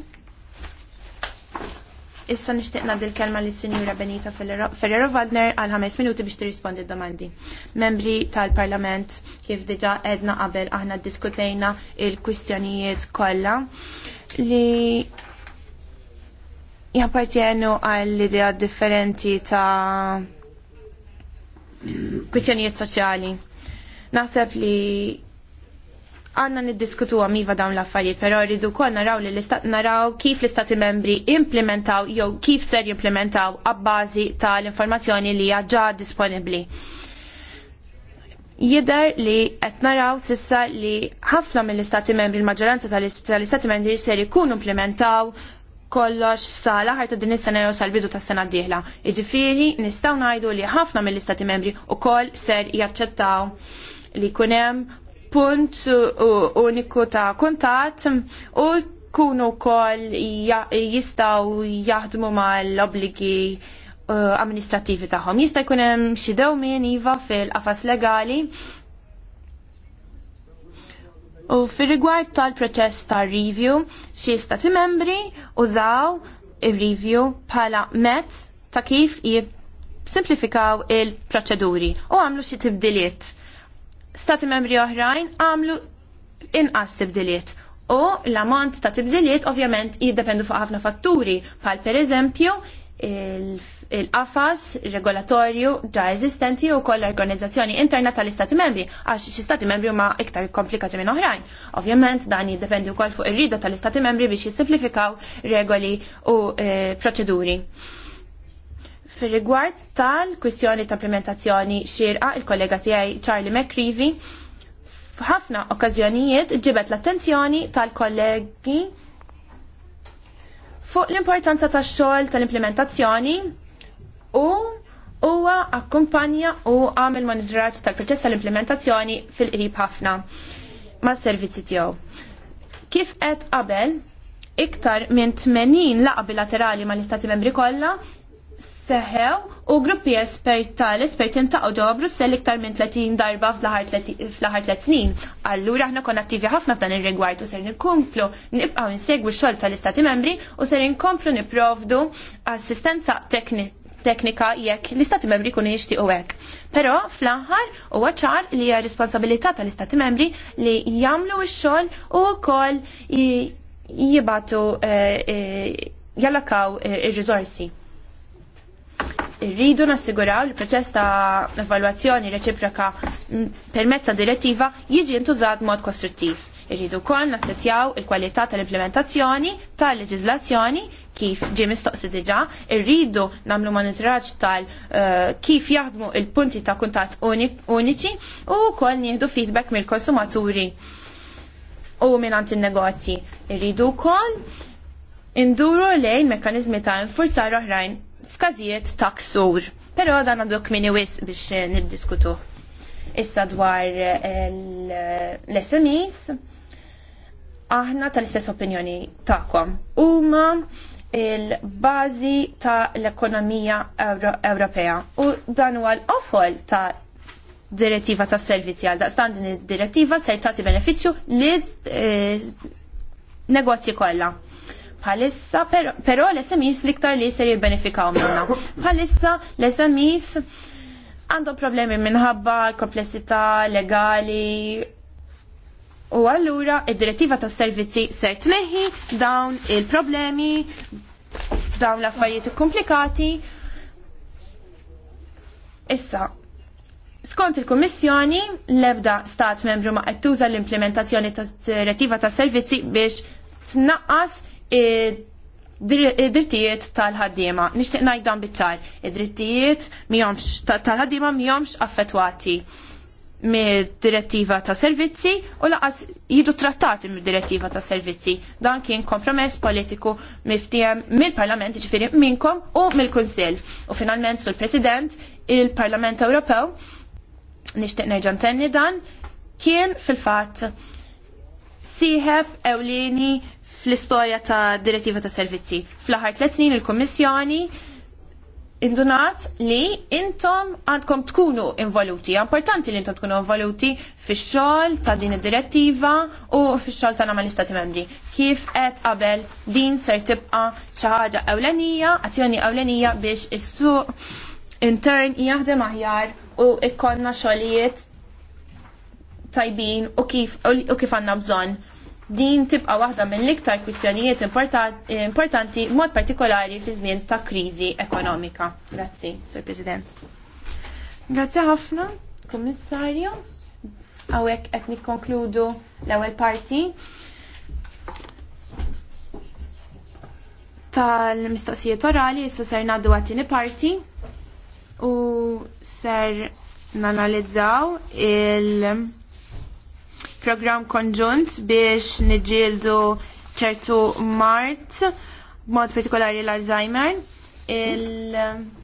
Issa nixtieq nagħdi l-kelma lis sinjura Benita Ferrero Wagner għal ħames minuti biex tirrispondi d-domandi. Membri tal-Parlament kif diġà edna qabel aħna ddiskutejna il-kwistjonijiet kollha li jappartjenu għall idea differenti ta' kwistjonijiet soċjali. Naħseb li għanna niddiskutu għamiva dawn l-affarijiet, pero rridu kol naraw li l-istat naraw kif l-istati membri implementaw jew kif ser jimplementaw ta' tal-informazzjoni li għadġa disponibli. Jider li qed naraw sissa li ħafna mill-istati membri, l-maġġoranza tal-istati membri ser jkunu implementaw kollox sala ħajta din is-sena jew sal-bidu tas-sena d-dieħla. Jiġifieri nistgħu ngħidu li ħafna mill-istati membri wkoll ser jaċċettaw li jkun hemm punt uniku ta' kuntat u kunu kol jistaw jaħdmu mal-obligi uh, amministrativi tagħhom. Jista' jkun hemm xi dewmien iva fil-qafas legali. U fir-rigward tal-proċess ta' review, xi stati membri użaw ir-review bħala mezz ta' kif jib simplifikaw il-proċeduri u għamlu xi tibdiliet stati membri oħrajn għamlu inqas tibdiliet. U l-ammont ta' tibdiliet ovvjament jiddependu fuq ħafna fatturi, bħal pereżempju il-qafas il regolatorju ġa eżistenti u koll organizzazzjoni interna tal-istati membri, għax xi stati membri huma iktar komplikati minn oħrajn. Ovvjament dan jiddependi wkoll fuq ir-rida tal-istati membri biex jissimplifikaw regoli u e, proċeduri. Fir rigward tal-kwistjoni ta' implementazzjoni xirqa il-kollega tiegħi Charlie McCreevy f'ħafna okkażjonijiet ġibet l-attenzjoni tal-kollegi fuq l-importanza tax-xogħol tal-implementazzjoni u huwa akkumpanja u għamil monitoraġġ tal-proċess tal-implementazzjoni fil-qrib ħafna mas-servizzi tiegħu. Kif qed qabel, iktar minn 80 laqa bilaterali mal istati membri kollha seħew u gruppi espert tal-esperti intaqgħu ġewwa Brussell iktar minn 30 darba fl-aħħar 3 snin. Allura aħna konna attivi ħafna f'dan ir-rigward u ser nikomplu nibqgħu insegwu xol xogħol tal-Istati Membri u ser nkomplu niprovdu assistenza teknika jekk l-Istati Membri kunu jixtiequ hekk. Però fl-aħħar huwa ċar li hija responsabilità tal-Istati Membri li jagħmlu x-xogħol u wkoll jibatu eh, eh, jallakaw eh, ir-riżorsi rridu nassiguraw li proċess ta' evalwazzjoni reċiproka permezza direttiva jiġi ntużat mod kostruttiv. Irridu wkoll nassessjaw il-kwalità tal-implementazzjoni tal leġizlazzjoni kif ġie mistoqsi diġà, irridu nagħmlu monitoraġġ tal eh, kif jaħdmu il-punti ta' kuntatt uniċi u kol nieħdu feedback mill-konsumaturi u minn in-negozji. Irridu wkoll induru lejn mekkanizmi ta' infurzar oħrajn f'każijiet ta' ksur. Però dan għandu kmini wis biex eh, niddiskutu. Issa dwar eh, l-SMEs, aħna tal-istess opinjoni tagħkom. Huma il-bażi ta' l-ekonomija Ewropea u dan huwa l-ofol ta' direttiva ta' servizzi għal da' din id-direttiva ser tagħti benefiċċju li eh, negozji kollha. Bħalissa, però l-SMIs liktar li jisir jibbenefikaw minna. Bħalissa l-SMIs għandhom problemi minħabba komplessità legali u allura id-direttiva tas servizzi ser tneħi dawn il-problemi, dawn l-affarijiet komplikati. Issa, Skont il-Kummissjoni, l-ebda stat membru ma qed tuża l-implementazzjoni ta' direttiva tas servizzi biex tnaqqas id-drittijiet tal-ħaddiema. Nixtieq ngħid dan biċ id-drittijiet tal-ħaddiema mhijomx affettwati mid-direttiva ta' servizzi u laqas jiġu trattati mid-direttiva ta' servizzi. Dan kien kompromess politiku miftijem mill-Parlament ġifiri minkom u mill-Kunsill. U finalment sul President il-Parlament Ewropew nixtieq nerġa' tenni dan kien fil-fatt siħeb ewlieni fl-istorja ta' direttiva ta' servizzi. Fl-aħħar tliet snin il-Kommissjoni indunat li intom għandkom tkunu involuti. Importanti li intom tkunu involuti fix xogħol ta' din id-direttiva u fix xogħol tagħna mal-Istati Membri. Kif qed qabel din ser tibqa' xi ħaġa ewlenija, azzjoni ewlenija biex is-suq intern jaħdem aħjar u ikkonna xogħlijiet tajbin u kif u kif għandna bżonn din tibqa waħda mill-iktar kwistjonijiet importanti mod partikolari fi żmien ta' kriżi ekonomika. Grazzi, Sir President. Grazzi ħafna, Kummissarju. Għawek qed nikkonkludu l-ewwel parti tal-mistoqsijiet orali, issa ser ngħaddu għat-tieni parti u ser nanalizzaw il- program konġunt biex niġildu ċertu mart, mod partikolari l-Alzheimer. Il-